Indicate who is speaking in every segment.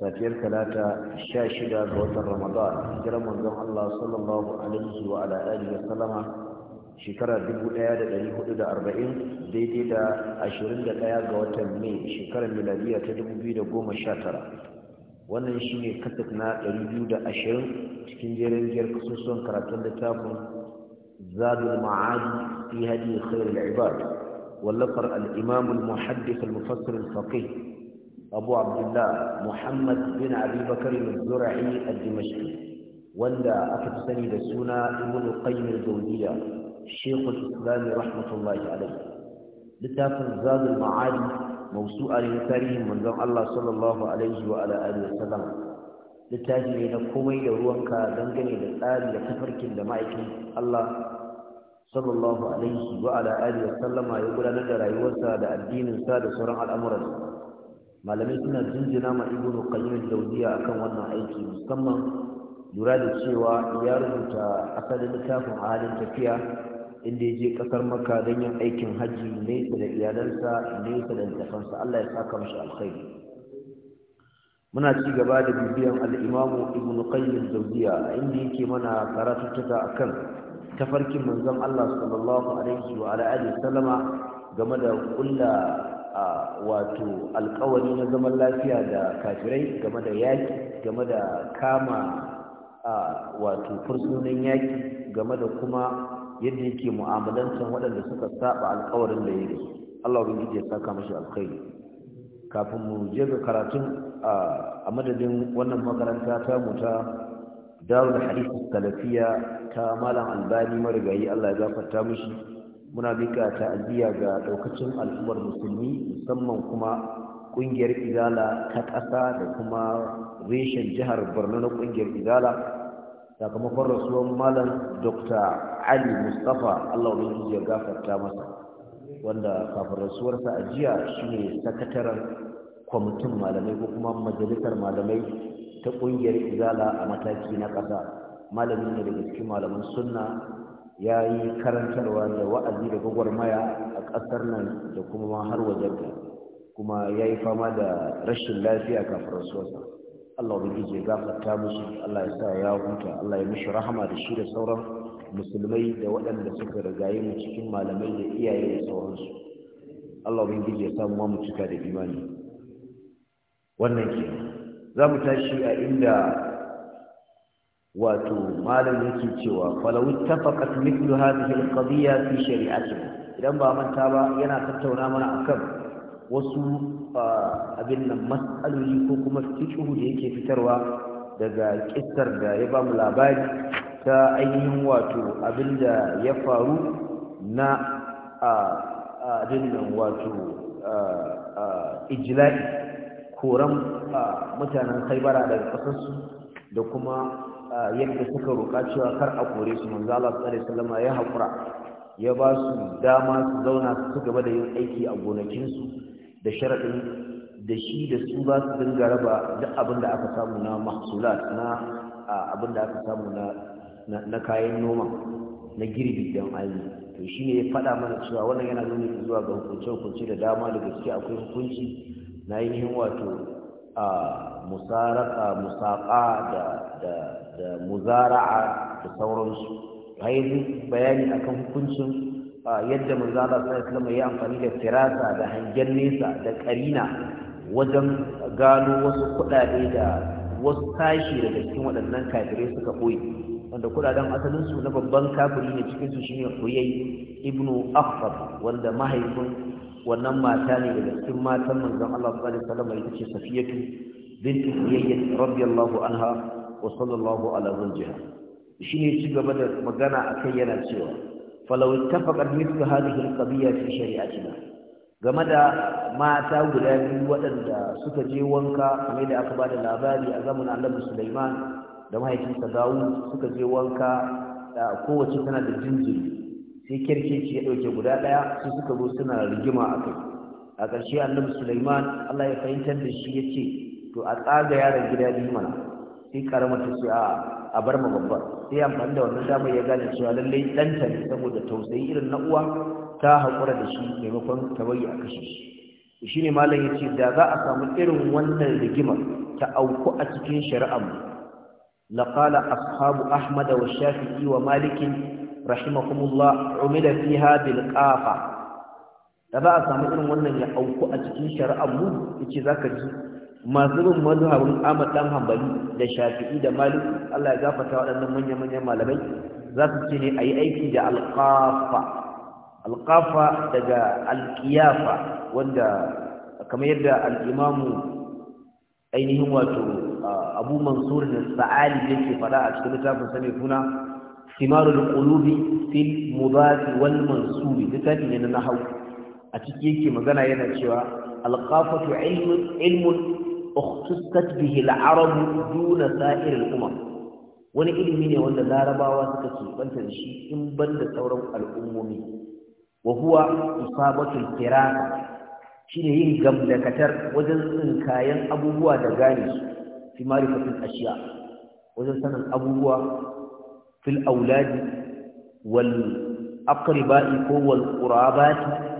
Speaker 1: safiyar talata sha shida ga watan ramadan hijirar manzon Allah sallallahu alaihi wa ala alihi wa sallama shekara 1440 daidai da 21 ga watan mai shekarar miladiya ta 2019 wannan shine kasat na 220 cikin jerin giyar kasusuwan karatun littafin zadul ma'adi fi hadi khairul ibad wallafar al-imam al-muhaddith al-mufassir al-faqih abu abdullah muhammad bin abubakar zura'i a dimashi wanda aka fi sani da suna ibn qayyim gaudiya shekul islami rahmatullahi alaihi littafin zadul ma'ari mausu a tarihin manzon allah sallallahu alaihi wa ala littafi ne na komai da ruwanka dangane da tsari da tafarkin da allah sallallahu ya gudanar da rayuwarsa da addinin addininsa da sauran al'amuransa malamai suna jinjina ma ibnu qayyim al akan wannan aiki musamman lura da cewa ya rubuta asalin littafin a halin tafiya inda ya je kasar makka don yin aikin hajji nesa da iyalansa nesa da littafansa allah ya saka mashi alkhairi muna ci gaba da bibiyan al'imamu ibn qayyim a inda yake mana karatuttuka akan tafarkin manzon allah sallallahu alaihi wa alihi sallama game da kulla wato alkawari na zaman lafiya da kafirai game da yaƙi game da kama wato fursunan yaƙi game da kuma yadda yake mu'amalantar waɗanda suka saba alkawarin da ya Allah ubangiji ya saka mashi alkhairi kafin mu je ga karatun a madadin wannan makaranta ta muta darul hadith salafiya ta malam albani marigayi Allah ya zafarta mishi muna mika ta'aziyya ga daukacin al'ummar musulmi musamman kuma kungiyar izala ta ƙasa da kuma reshen jihar borno na kungiyar izala sakamakon rasuwar malam dr ali mustapha allah ubangiji ya gafarta masa wanda kafin rasuwarsa a jiya shine sakataren kwamitin malamai ko kuma majalisar malamai ta kungiyar izala a mataki na ƙasa malami ne daga cikin malaman sunna ya yi karantarwa da wa'azi da gwagwarmaya a ƙasar nan da kuma har wajen da kuma ya yi fama da rashin lafiya kafin rasuwarsa Allah ubangiji ya gafarta mushi Allah ya sa ya huta Allah ya mishi rahama da shi da sauran musulmai da waɗanda suka ragaye mu cikin malamai da iyaye da sauransu Allah ubangiji ya samu mu cika da imani wannan ke za mu tashi a inda wato malam yake cewa falau tafaqat mithlu hadhihi alqadiyya fi shari'atina idan ba manta ba yana tattauna mana akan wasu abin nan mas'aloli ko kuma fiqhu da yake fitarwa daga kissar da ya ba mu labari ta ainihin wato abin da ya faru na abin nan wato ijla'i koran mutanen khaibara daga kasarsu da kuma yadda suka roƙa cewa kar a kore su manzo Allah sallallahu alaihi wasallam ya haƙura ya ba su dama su zauna su gaba da yin aiki a gonakinsu da sharaɗin da shi da su ba su dinga raba duk abin da aka samu na mahsulat na abin da aka samu na na kayan noma na girbi don ayi to shi ne ya faɗa mana cewa wannan yana nuni zuwa ga hukunce-hukunce da dama daga gaske akwai hukunci na yin wato a musaraka musaƙa da da da muzara'a da sauransu haizu bayani akan hukuncin yadda manzala sallallahu alaihi ya amfani da firasa da hangen nesa da karina wajen gano wasu kudade da wasu tashi daga cikin waɗannan kafirai suka boye wanda kudaden asalin su na babban kafiri ne cikin su shine Uyay ibnu Affar wanda mahaifin wannan mata ne daga cikin matan manzon Allah sallallahu alaihi wasallam ita ce Safiyatu bint Uyay radiyallahu anha wa ala zuljiha shi ne ci gaba da magana kai yana cewa falau ittafaqat mithlu hadhihi al-qadiyya fi shari'atina game da mata guda biyu waɗanda suka je wanka kamar da aka bada labari a zamanin Annabi Sulaiman da mahaifinsa dawu suka je wanka da kowace tana da jinjiri sai kirkici ya dauke guda daya su suka zo suna rigima a kai. a ƙarshe Annabi Sulaiman Allah ya fahimtar da shi yace to a tsaga yaron gida biyu mana sai karama ta ce a bar ma babbar sai amfani da wannan damar ya gane cewa lallai ɗanta ne saboda tausayi irin na uwa ta haƙura da shi maimakon ta bari a kashe shi shi ne malam ya ce da za a samu irin wannan rigimar ta auku a cikin shari'ar لقال أصحاب أحمد wa ومالك رحمهم الله عمل فيها بالقافة da za a samu irin wannan ya auku a cikin shari'ar mu yace zaka ji masu bin mazhabin Ahmad dan Hanbali da Shafi'i da Malik Allah ya gafarta waɗannan manya-manyan malamai za su ce ne ayi aiki da alqafa alqafa daga alqiyafa wanda kamar yadda al ainihin wato Abu Mansur al-Sa'ali yake faɗa a cikin littafin sa mai suna Simarul Qulubi fil Mudhaf wal Mansub littafin ne na nahwu a ciki yake magana yana cewa alqafatu ilmun ilmun ukhtusat bihi al-arab duna sa'ir al wani ilimi ne wanda larabawa suka ke da shi in banda sauran al'ummomi wa huwa isabatul firaq shine yin gamdakatar wajen tsinkayen abubuwa da gane su fi marifatin ashiya wajen sanin abubuwa fil auladi wal aqriba'i ko wal qurabati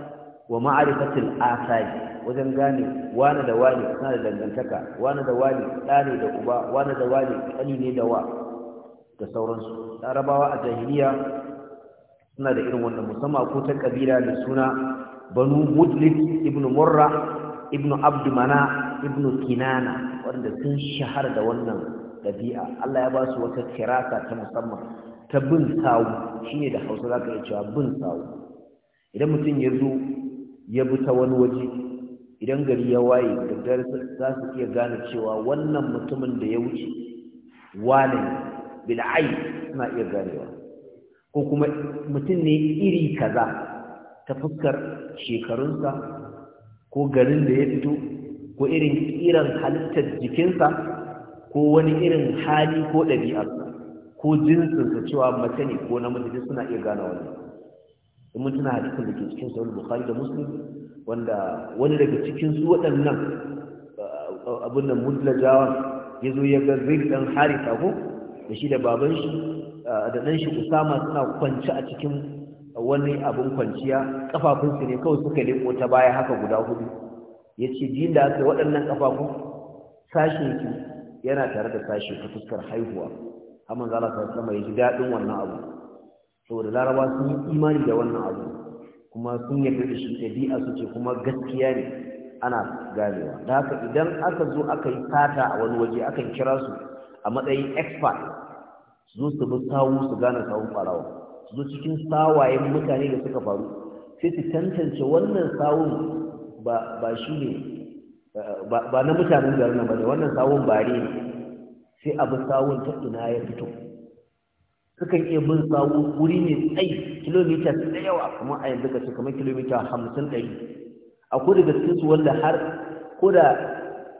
Speaker 1: wa ma'arifatil asari wajen gane wani da wani suna da dangantaka wani da wani ɗane da uba wani da wani ƙani ne da wa da sauransu larabawa a jahiliya suna da irin wannan musamman ko ta ƙabila da suna banu mudlik ibnu murra ibnu abdu mana ibnu kinana wanda sun shahara da wannan ɗabi'a allah ya ba su wata kirasa ta musamman ta bin sawu shine da hausa za ka iya cewa bin sawu idan mutum ya zo ya bi ta wani waje idan gari ya waye da za su iya gane cewa wannan mutumin da ya wuce wane bil'ai suna iya ganewa ko kuma mutum ne iri kaza ta fuskar shekarunsa ko garin da ya fito ko irin irin halittar jikinsa ko wani irin hali ko ɗabi'arsa ko jinsinsa cewa mace ne ko namiji suna iya gane wannan in mun tuna hadisin da ke cikin sahih bukhari da muslim wanda wani daga cikin su waɗannan eh, abun nan mudlajawa ya zo ya ga zai dan harita ko da shi da baban shi eh, da ɗan shi usama suna kwance a cikin wani abun kwanciya kafafunsu ne kawai suka leko ta baya haka guda hudu ya ce jin da aka waɗannan kafafun sashen ki yana tare da sashe ta fuskar haihuwa amma zala ta sama ya ji daɗin wannan abu saboda laraba sun yi imani da wannan abu kuma sun yarda da shi ɗabi'a su ce kuma gaskiya ne ana ganewa da haka idan aka zo aka yi sata a wani waje akan kira su a matsayin expert su zo su bi sawu su gane sawun ɓarawa su zo cikin sawayen mutane da suka faru sai su tantance wannan sawun ba shi ne ba na mutanen garin ba ne wannan sawun bare ne sai abu sawun ta ina ya fito sukan iya bin sawu wuri mai tsayi kilomita da yawa kuma a yanzu kace kamar kilomita hamsin ɗari A daga cikin su wanda har ko da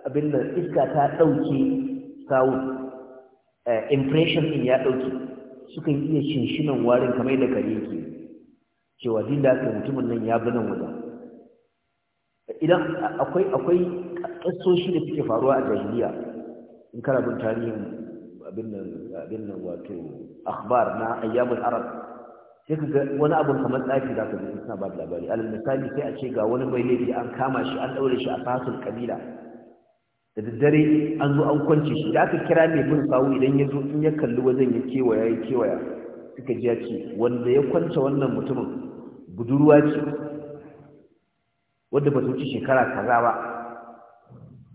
Speaker 1: abin da iska ta ɗauke sawu eh, impression din ya ɗauke sukan iya shinshinan warin kamar da kare yake cewa din da aka mutumin nan ya bi nan wajen idan akwai akwai ƙasoshi da suke faruwa a jahiliya in kana bin tarihin abin nan wato akhbar na ayyamul arab sai kaga wani abu kamar tsafi za ka ji suna ba da labari alal misali sai a ce ga wani mai laifi an kama shi an daure shi a fasul kabila da daddare an zo an kwance shi da aka kira mai bin sawu idan ya zo in ya kalli wajen ya kewaya ya kewaya suka ji ya ce wanda ya kwance wannan mutumin budurwa ce wadda ba ta wuce shekara kaza ba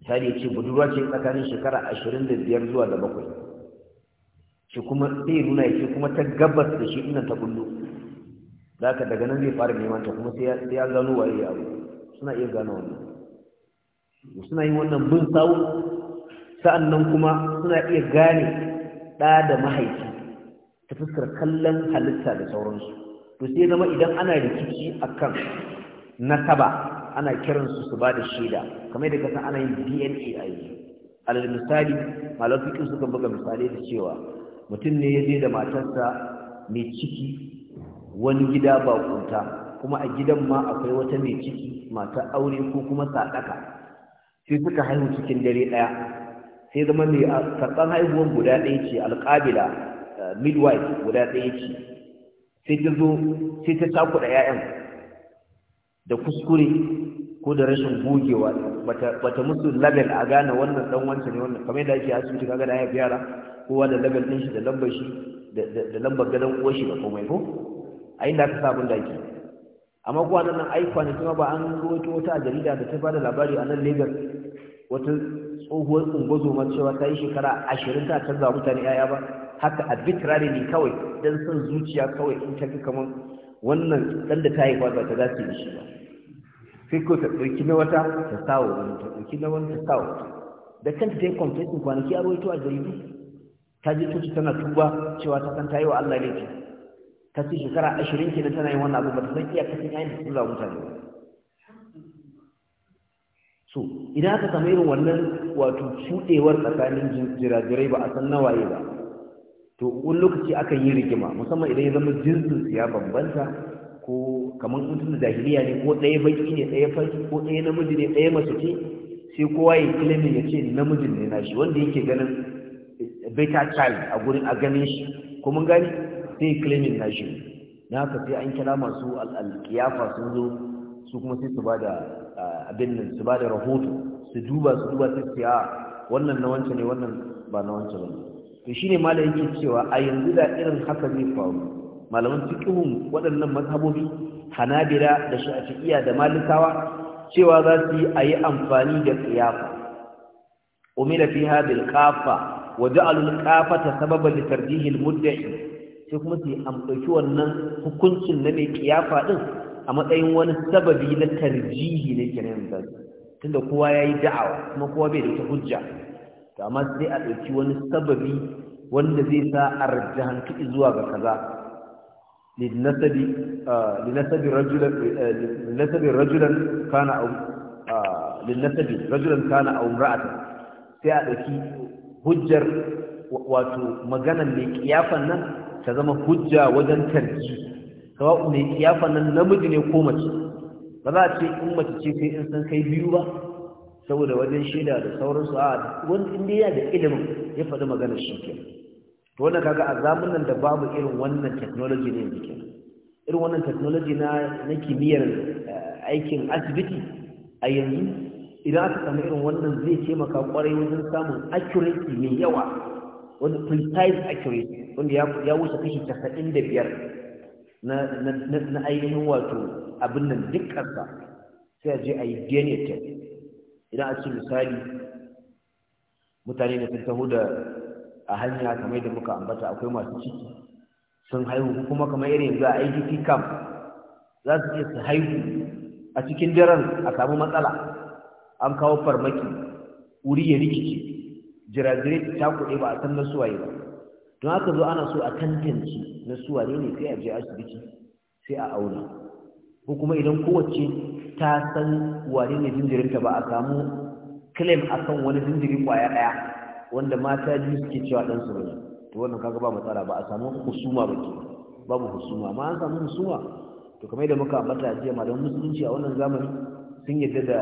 Speaker 1: misali ya ce budurwa ce tsakanin shekara ashirin da biyar zuwa da bakwai shi kuma sai nuna ya ce kuma ta gabas da shi inan ta kullu da haka daga nan zai fara neman ta kuma sai ya gano waye ya abu suna iya gano wannan suna yin wannan bin sa'annan kuma suna iya gane ɗa da mahaifi ta fuskar kallon halitta da sauransu to sai zama idan ana rikici akan nasaba ana kiransu su ba da shaida kamar yadda kasa ana yin dna a yanzu alal misali malam su suka buga misali da cewa mutum ne ya je da matarsa mai ciki wani gida ba kunta kuma a gidan ma akwai wata mai ciki mata aure ko kuma sadaka sai suka haihu cikin dare ɗaya. sai zama mai karban haihuwan guda ɗaya ce alƙabila midwife guda ɗaya ce sai ta zo sai ta cakuɗa 'ya'yan da kuskure ko da rashin gogewa bata musu label a gane wannan dan wancan ne wannan kamar yadda ake asibiti kaga da haifi yara kowa da label din shi da lambar shi da lambar gadon uwar shi da komai ko a inda aka sa abin da ake amma kuwa nan ai kwanaki ma ba an rawaito wata jarida da ta ba da labari a nan Lagos wata tsohuwar ungozo ma cewa ta yi shekara ashirin ta canza mutane yaya ba haka arbitrary ne kawai dan son zuciya kawai in ta fi kamar wannan dan da ta haifa ba ta dace da shi ba sai ko ta ɗauki na wata ta sawo wani ta ɗauki na wani ta sawo da kanta ta yi kwamfetin kwanaki a rawaito a jaridu ta je coci tana tuba cewa ta san ta yi wa Allah laifi ta ce shekara ashirin kenan tana yin wannan abu ba ta san iyakacin yayin da sun zawo mutane ba so idan aka samu irin wannan wato cuɗewar tsakanin jirajirai ba a san nawaye ba to wani lokaci akan yi rigima musamman idan ya zama jinsin ya bambanta ko kamar mutum da jahiliya ne ko ɗaya baki ne ɗaya farki ko ɗaya namiji ne ɗaya masu ce sai kowa ya kilimin ya ce namijin ne na shi wanda yake ganin beta child a gurin a ganin shi ko mun gani sai kilimin na shi na haka sai an kira masu alkiyafa sun zo su kuma sai su ba da abin nan su ba da rahoto su duba su duba sai su wannan na wancan ne wannan ba na wancan ba to shine malam yake cewa a yanzu da irin haka zai faru malaman cikin waɗannan mazhabobi hanabira, da shafi'iyya da malikawa cewa za su yi ayi amfani da qiyafa umira fi bil qafa wa ja'alu al qafata sababan li tarjihi al mudda'i sai kuma su dauki wannan hukuncin na mai ƙiyafa ɗin a matsayin wani sababi na tarjihi ne kenan da tunda kowa yayi da'awa kuma kowa bai da ta hujja to amma sai a dauki wani sababi wanda zai sa arjahantu zuwa ga kaza لنسب لنسب رجلا لنسب رجلا كان او رجلا كان او امراه sai a dauki hujjar wato maganan mai kiyafan nan ta zama hujja wajen tarji kawa mai kiyafan nan namiji ne ko mace ba za a ce in mace ce sai in san kai biyu ba saboda wajen shaida da sauransu a wani inda da ilimin ya faɗi maganar shi kenan to wannan kaga a zamanin da babu irin wannan technology ne yanzu kenan irin wannan technology na na kimiyyar eh, aikin asibiti a yanzu idan aka samu irin wannan zai taimaka kwarai wajen samun accuracy mai yawa wanda precise accuracy wanda ya wuce kashi casa'in da biyar na ainihin wato abin nan duk ƙasa sai aje je a yi dna test idan a ce misali mutane ne sun taho da a hanya kamar da muka ambata akwai masu ciki sun haihu kuma kamar irin yanzu a IDP camp za su iya su haihu a cikin daren a samu matsala an kawo farmaki wuri ya rikice jirajire ta kuɗe ba a san na suwaye ba don haka zo ana so a tantance na suwaye ne sai a je asibiti sai a auna ko kuma idan kowace ta san wane ne jinjirinta ba a samu claim kan wani jinjirin kwaya ɗaya wanda mata biyu suke cewa dan su ne. to wannan kaga ba matsala ba a samu husuma ba ke babu husuma amma an samu husuma to kamar yadda muka ambata jiya malaman musulunci a wannan zamani sun yadda da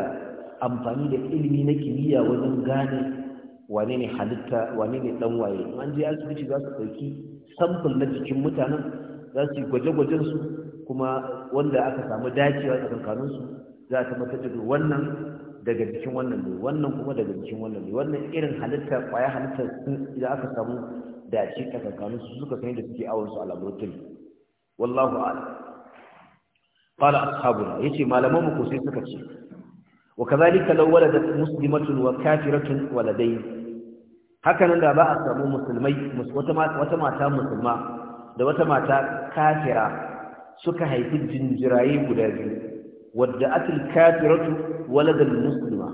Speaker 1: amfani da ilimi na kimiyya wajen gane wane ne halitta wane ne dan waye an je asibiti za su ɗauki sampul na jikin mutanen za su yi gwaje-gwajen su kuma wanda aka samu dacewa tsakankanin su za a tabbatar da wannan daga jikin wannan ne wannan kuma daga jikin wannan ne wannan irin halitta kwaya halitta sun idan aka samu da shi kakakanu su suka san da suke awon su a laboratory wallahu a'lam qala ashabuna yace malaman mu ko sai suka ce wa kadhalika law waladat muslimatun wa kafiratun waladayn haka nan da ba a samu musulmai wata mata musulma da wata mata kafira suka haifi jinjiraye guda biyu wadda atil kafiratu waladal musulma.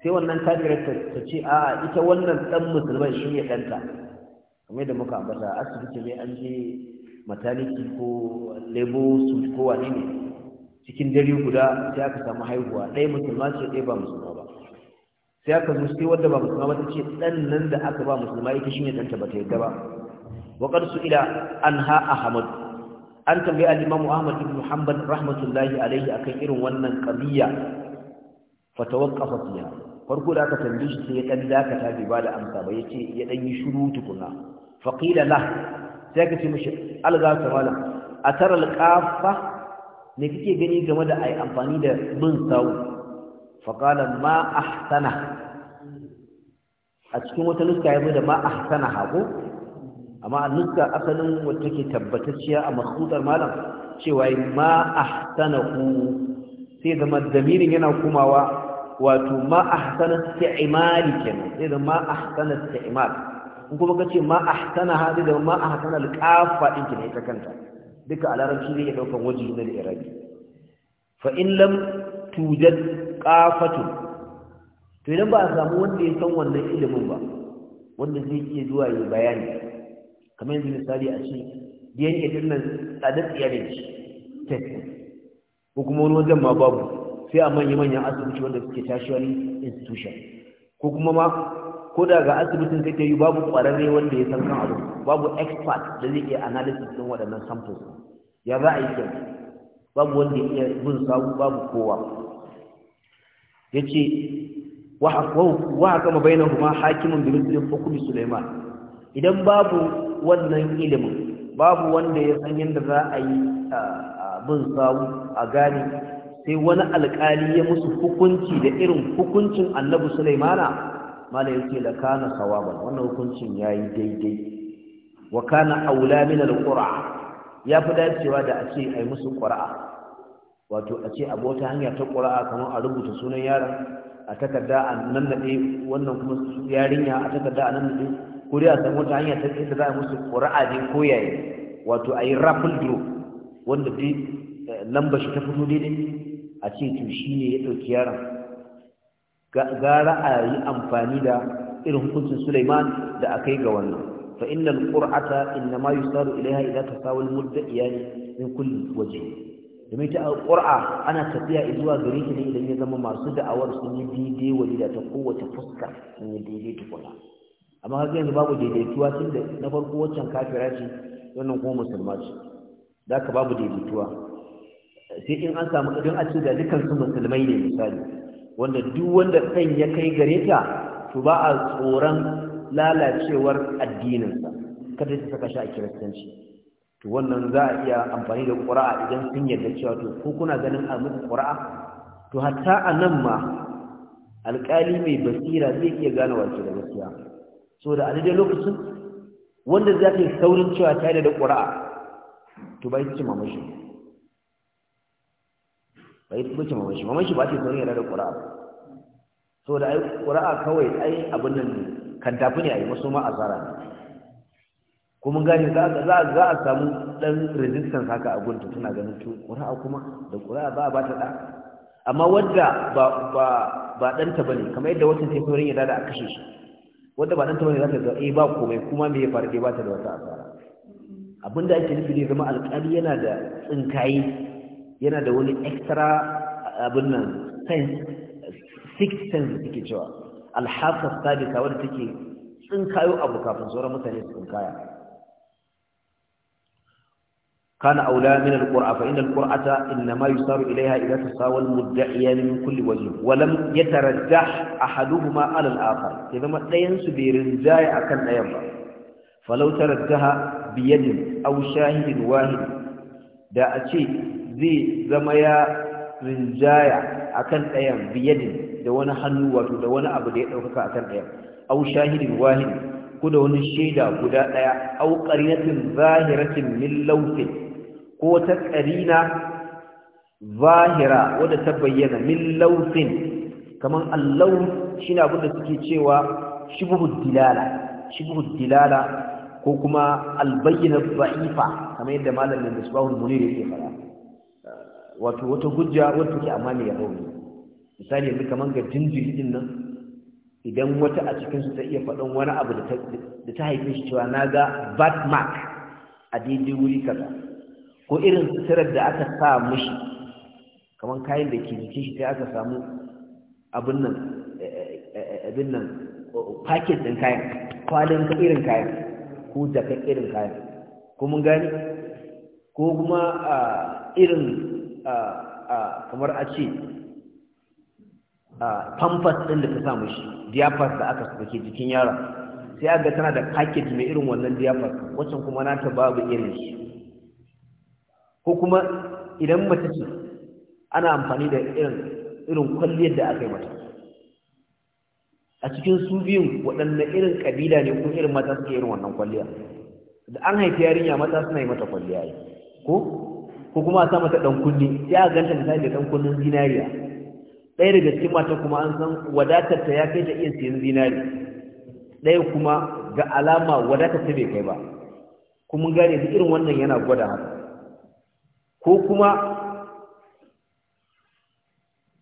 Speaker 1: sai wannan kafirar ta ce a ita wannan dan musulma shi ne danta kamar da muka ambata asibiti ne an je mataliki ko lebo su ko wani ne cikin dare guda sai aka samu haihuwa ɗaya musulma ce ɗaya ba musulma ba sai aka zo sai wanda ba musulma ba ta ce ɗan nan da aka ba musulma ita shi ne ɗanta ba ta yadda ba waƙar su ila an ha ahmad an tambayi al'imamu ahmad ibn muhammad rahmatullahi alaihi akan irin wannan ƙabiya fatawaqqafa fiha farko da aka tambaye shi sai ya dan dakata bai ba da amsa ba yace ya dan yi shiru tukuna faqila la sai ka ce mishi alga tawala atara alqafa ne kike gani game da ai amfani da bin sawu faqala ma ahsana a cikin wata nuska ya da ma ahsana hako amma nuska asalin wacce ke tabbatacciya a makhutar malam cewa ma ahsanahu sai zama damirin yana kumawa wato ma a ahsana istimali kenan sai zama ma a ahsana istimal in kuma ka ce ma ahsana hadi da ma ahsana alqafa din kenan ita kanta duka a larabci ne ya daukan wajihi na irabi fa in lam tujad qafatu to idan ba a samu wanda ya san wannan ilimin ba wanda zai iya zuwa ya bayani kamar yanzu misali a ce DNA din nan tsadar iyalin shi ko kuma wani wajen ma babu sai a manya-manyan asibiti wanda suke tashi wani institution ko kuma ma ko da ga asibitin kake yi babu ƙwararre wanda ya san kan abu babu expert da zai iya analysis ɗin waɗannan samples ya za a yi kyau babu wanda ya iya bin sabu babu kowa ya ce wa haka ma bayanan kuma hakimin ko kuma suleiman idan babu wannan ilimin babu wanda ya san yadda za a yi ah, Abin sawu a gane sai wani alƙali ya musu hukunci da irin hukuncin annabi sulaimana mala yake da kana sawaban wannan hukuncin yayi daidai wa kana aula min alqura ya fi dacewa da a ce ai musu qura'a wato a ce abota hanya ta qura'a kamar a rubuta sunan yaron a takarda a dai wannan kuma yarinya a takarda a nan ko dai a san wata hanya ta ce da za a musu qura'a ne koyaye wato ai raffle draw wanda dai eh, lamba shi ta fito daidai a ce to shi ne ya ɗauki yaran. gara a yi amfani da irin hukuncin Suleiman da aka yi ga wannan fa alqur'ata inna ma yusaru ilaiha idza tasawal mudda iyali min kulli waje domin ta qur'a ana tafiya zuwa gare ki ne idan ya zama masu da'awar sun yi daidai da ta kowace fuska sun yi daidai tukuna amma har yanzu babu daidaituwa tun da na farko waccan kafira ce wannan kuma musulma ce da ka babu daidaituwa sai in an samu idan a ce da su musulmai ne misali wanda duk wanda kan ya kai gare ta to ba a tsoron lalacewar addininsa kada ta saka shi a kiristanci to wannan za a iya amfani da ƙura'a idan sun yarda cewa to ko kuna ganin a muku ƙura'a to hatta a nan ma alƙali mai basira zai iya gane wace da gaskiya so da a dai lokacin wanda za ta yi saurin cewa ta da ƙura'a to bai ce mamashi bai ce mamashi mamashi ba ce sauran yana da ƙura'a so da ai ƙura'a kawai ai abin nan ne kan tafi ne a yi maso ma a ne kuma gani za a samu ɗan resistance haka a gunta tana ganin to ƙura'a kuma da ƙura'a ba a ba ta da amma wadda ba ba ba dan ta bane kamar yadda wata sai sauran yara da a kashe shi wadda ba dan ta bane za ta ga eh ba komai kuma me ya faru dai ba ta da wata asara Abin da ake nufi ne zama alƙari yana da tsinkayi yana da wani extra abin nan sense six sense suke cewa alhafa sabita wadda take tsinkayo abu kafin sauran mutane su tsinkaya kana aula min alqur'a fa inna alqur'ata inma yusaru ilayha idha tasawa almudda'iyan min kulli ya wa lam yatarajjah ahaduhuma ala al-akhar idan ma dayan su bi rinjaya akan dayan ba falau tarattaha biyadin aw shahidin wahid da a ce zai zama ya rinjaya akan ɗayan biyadin da wani hannu wato da wani abu da ya ɗaukaka akan ɗayan aw shahidin wahid ko da wani shaida guda ɗaya aw qarinatin zahiratin min lawfin ko ta qarina zahira wadda ta bayyana min laufin kaman allauf shine abin da suke cewa shibhud dilala shibhud dilala ko kuma albayyana ba'ifa kamar yadda malamin da subahul munir yake fara wato wata gujja wacce ke amma ya rauni misali yanzu kamar ga jinjiri din nan idan wata a cikin su ta iya faɗin wani abu da ta haife shi cewa na ga bad mark a daidai wuri kaza ko irin suturar da aka sa mushi kamar kayan da ke jikin shi sai aka samu abin nan eh, eh, eh, abin nan paket ɗin kayan kwalin irin kayan ko ka irin kayan ko mun gani ko kuma irin kamar a ce pampas ɗin da ta samu shi diapas da aka suke jikin yara sai ga tana da kakit mai irin wannan diapas waccan kuma na ta babu irin shi ko kuma idan mace ce ana amfani da irin kwalliyar da aka yi mata a cikin su biyun waɗanne irin ƙabila ne ko irin mata suke irin wannan kwalliya da an haifi yarinya mata suna yi mata kwalliya yi ko ko kuma a sa mata ɗan kunni sai a ganta misali da ɗan kunnin zinariya ɗaya daga cikin mata kuma an san wadatar ta ya kai ta iya siyan zinari ɗaya kuma ga alama wadatar ta bai kai ba kuma gane duk irin wannan yana gwada haka ko kuma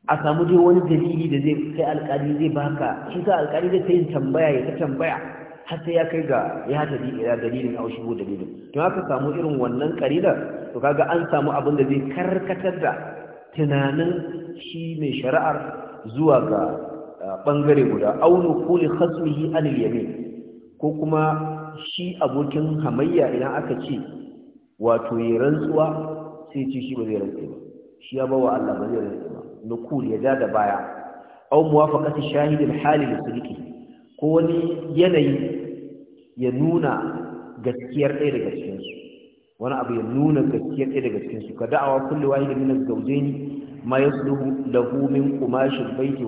Speaker 1: a samu dai wani dalili da zai kai alƙali zai baka shi sa alƙali zai ta yin tambaya ya ta tambaya har sai ya kai ga ya tafi ila dalilin au shigo dalilin to haka samu irin wannan karilar to kaga an samu abin da zai karkatar da tunanin shi mai shari'ar zuwa ga bangare ah, guda aulu kuli khasmihi anil yamin ko kuma shi abokin hamayya idan aka ce wato ya rantsuwa sai ce shi ba zai rantsu ba shi ya bawa Allah ba zai rantsu ba nukul ya ja da baya aw muwafaqati shahid al-hali li ko wani yanayi ya nuna gaskiyar ɗaya daga cikin su wani abu ya nuna gaskiyar ɗaya daga cikin su ka da'awa kullu wahid min az-zawjayn ma yasluhu lahu min qumash al-bayt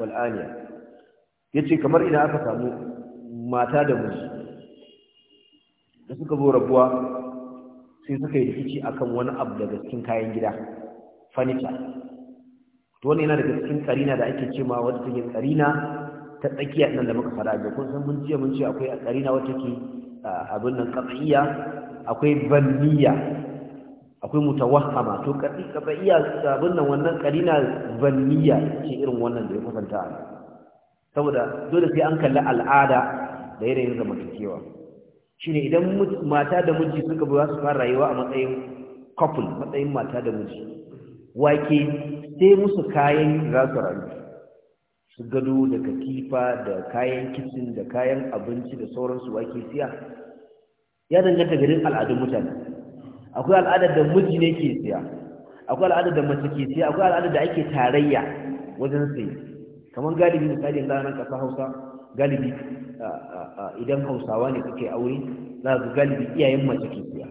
Speaker 1: wal aniya yace kamar idan aka samu mata da miji da suka zo rabuwa sai suka yi rikici akan wani abu daga cikin kayan gida furniture to wannan yana daga cikin karina da ake cewa wata take karina ta tsakiya nan da muka fara da kun san mun jiya mun ce akwai karina wata take abin nan qat'iyya akwai banniya akwai mutawahhama to qat'iyya abin nan wannan karina banniya ce irin wannan da ya kusanta saboda dole sai an kalli al'ada da yanayin zamantakewa shine idan mata da miji suka ba su fara rayuwa a matsayin couple matsayin mata da miji wake sai musu kayan za su su gado da katifa da kayan kitchen da kayan abinci da sauransu wake siya ya danganta garin al'adun mutane akwai al'adar da miji ne ke siya akwai al'adar da mace ke siya akwai al'adar da ake tarayya wajen sai kamar galibi misali yanzu nan ƙasa hausa galibi idan hausawa ne suke aure za su galibi iyayen mace ke siya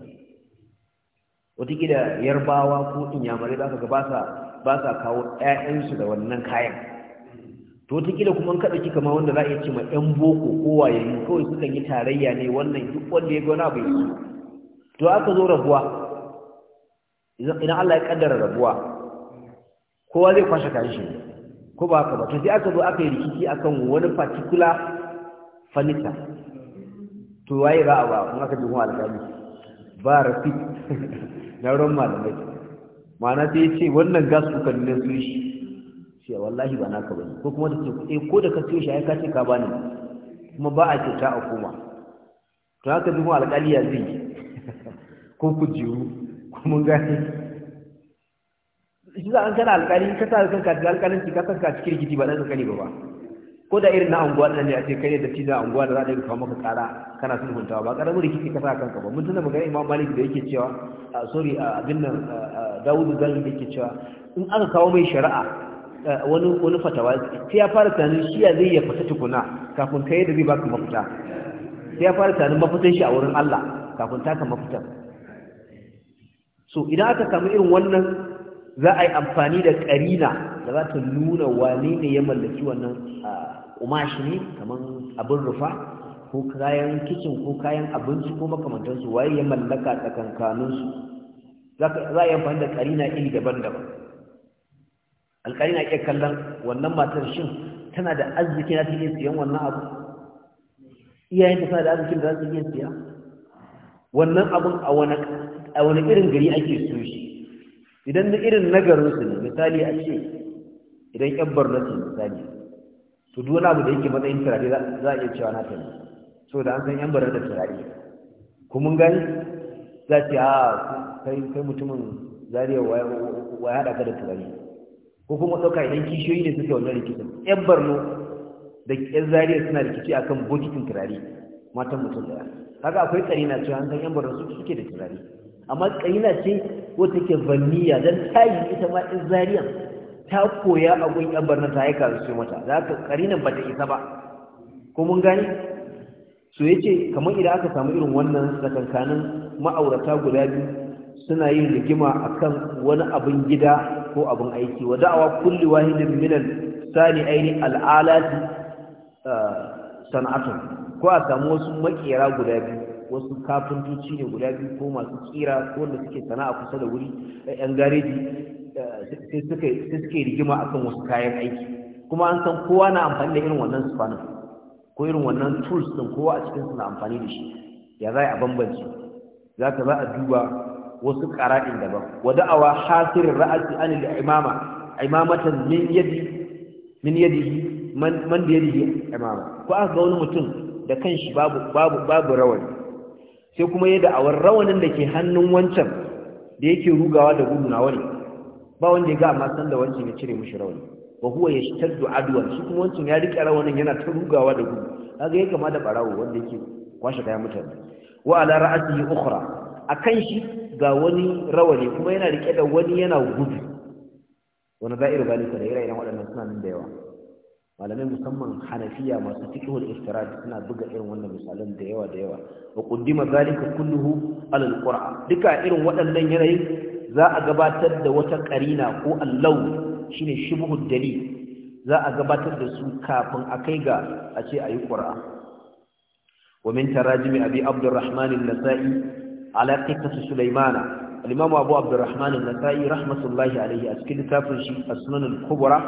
Speaker 1: watakila yarbawa ko inyamurai za ka ga ba sa kawo 'ya'yansu da wannan kayan to watakila kuma ka ɗauki kama wanda za a iya ce ma 'yan boko ko wayayi kawai sukan yi tarayya ne wannan duk wanda ya gona bai yi to aka zo rabuwa idan Allah ya kaddara rabuwa kowa zai kwashe kayan shi ko ba haka ba to sai aka zo aka yi rikici akan wani particular fanita to waye ba a ba kuma aka ji kuma alƙali ba rafi yaron malamai ma'ana sai ya ce wannan gas kan ne su shi shi a wallahi ba naka bane ko kuma ta ce kuɗe eh, ko da ka ce shi ai ka ce ka bani kuma ba a kyauta a koma to haka duk alƙali ya zai ko ku jiru ko mun gane shi za an kana alƙali ka sa kanka cikin alƙalanci ka kanka cikin rikici ba ɗan tsakani ba ba ko da irin na anguwa nan ne a ce kai ne da ci da anguwa da za a yi kawo maka tsara kana sun huntawa ba karamin rikici ka sa kanka ba mun tuna magana imam malik da yake cewa sorry abin nan dawudu zalin da yake cewa in aka kawo mai shari'a wani wani fatawa sai ya fara tunanin shi ya zai ya fita tukuna kafin kai da zai baka mafita sai ya fara tunanin mafitan shi a wurin Allah kafin taka mafita so idan aka samu irin wannan za a yi amfani da karina da za ta nuna wane ne ya mallaki wannan umashi ne kamar abin rufa ko kayan kicin ko kayan abinci ko makamantansu waye ya mallaka tsakankaninsu za a yi amfani da karina iri daban-daban na iya kallon wannan matar shin tana da arziki na iya siyan wannan abu iyayen ta tana da arzikin da za su iya siya wannan abun a wani irin gari ake so shi idan na irin su ne misali a ce idan yan barna ce misali to duk wani abu da yake matsayin turare za a iya cewa na ta so da an san yan barar da turare ko mun gani za ce a ah, kai kai mutumin zariya wa ya haɗa da turare ko kuma ɗauka idan kishiyoyi ne suke wannan rikicin yan barno da yan zariya suna rikici akan bokitin turare matan mutum daya kaga akwai tsari na cewa an san yan barno suke da turare amma na ce wata ke vanniya don tayi ita ma yan zariyan ta koya a gun yan barna ta haika su mata za ka karinan ba ta isa ba ko mun gani su ya ce kamar idan aka samu irin wannan tsakankanin ma'aurata guda biyu suna yin rigima a kan wani abin gida ko abin aiki wa da'awa kulli wahidin minan sani aini al'alati eh, sana'atun ko a samu wasu makera guda biyu wasu tuci ne guda biyu ko masu kira ko wanda suke sana'a kusa da wuri eh, yan gareji sai suke rigima akan wasu kayan aiki kuma an san kowa na amfani da irin wannan spanin ko irin wannan tools din kowa a cikin suna amfani da shi ya za a bambance za ka za a duba wasu ƙara'in daban wada'awa hasirin ra'asi da imama imamatan min yadi man da yadi imama ko aka ga wani mutum da kanshi babu babu babu rawani sai kuma yadda awar rawanin da ke hannun wancan da yake rugawa da gudunawa ne. ba wanda ya ga amma san da wancan ya cire mushi rawani wa huwa yashtaddu adwa shi kuma wancan ya rike rawanin yana ta rugawa da gudu kaga ya kama da barawo wanda yake kwashe kayan mutane wa ala ra'atihi ukhra akan shi ga wani rawani kuma yana rike da wani yana gudu wani za'ir balika a ire irin waɗannan suna nan da yawa malamai musamman hanafiya masu fiqhul istirad suna buga irin wannan misalan da yawa da yawa wa qaddima zalika kulluhu ala alqur'a duka irin waɗannan yanayin za a gabatar da wata ƙarina ko allau shine shibhud dalil za a gabatar da su kafin a kai ga a ce a yi ƙura wa min rajimi abi abdurrahmanin nasai ala qissati sulaimana alimamu abu abdurrahmanin nasai rahmatullahi alayhi a cikin littafin shi a sunan al-kubra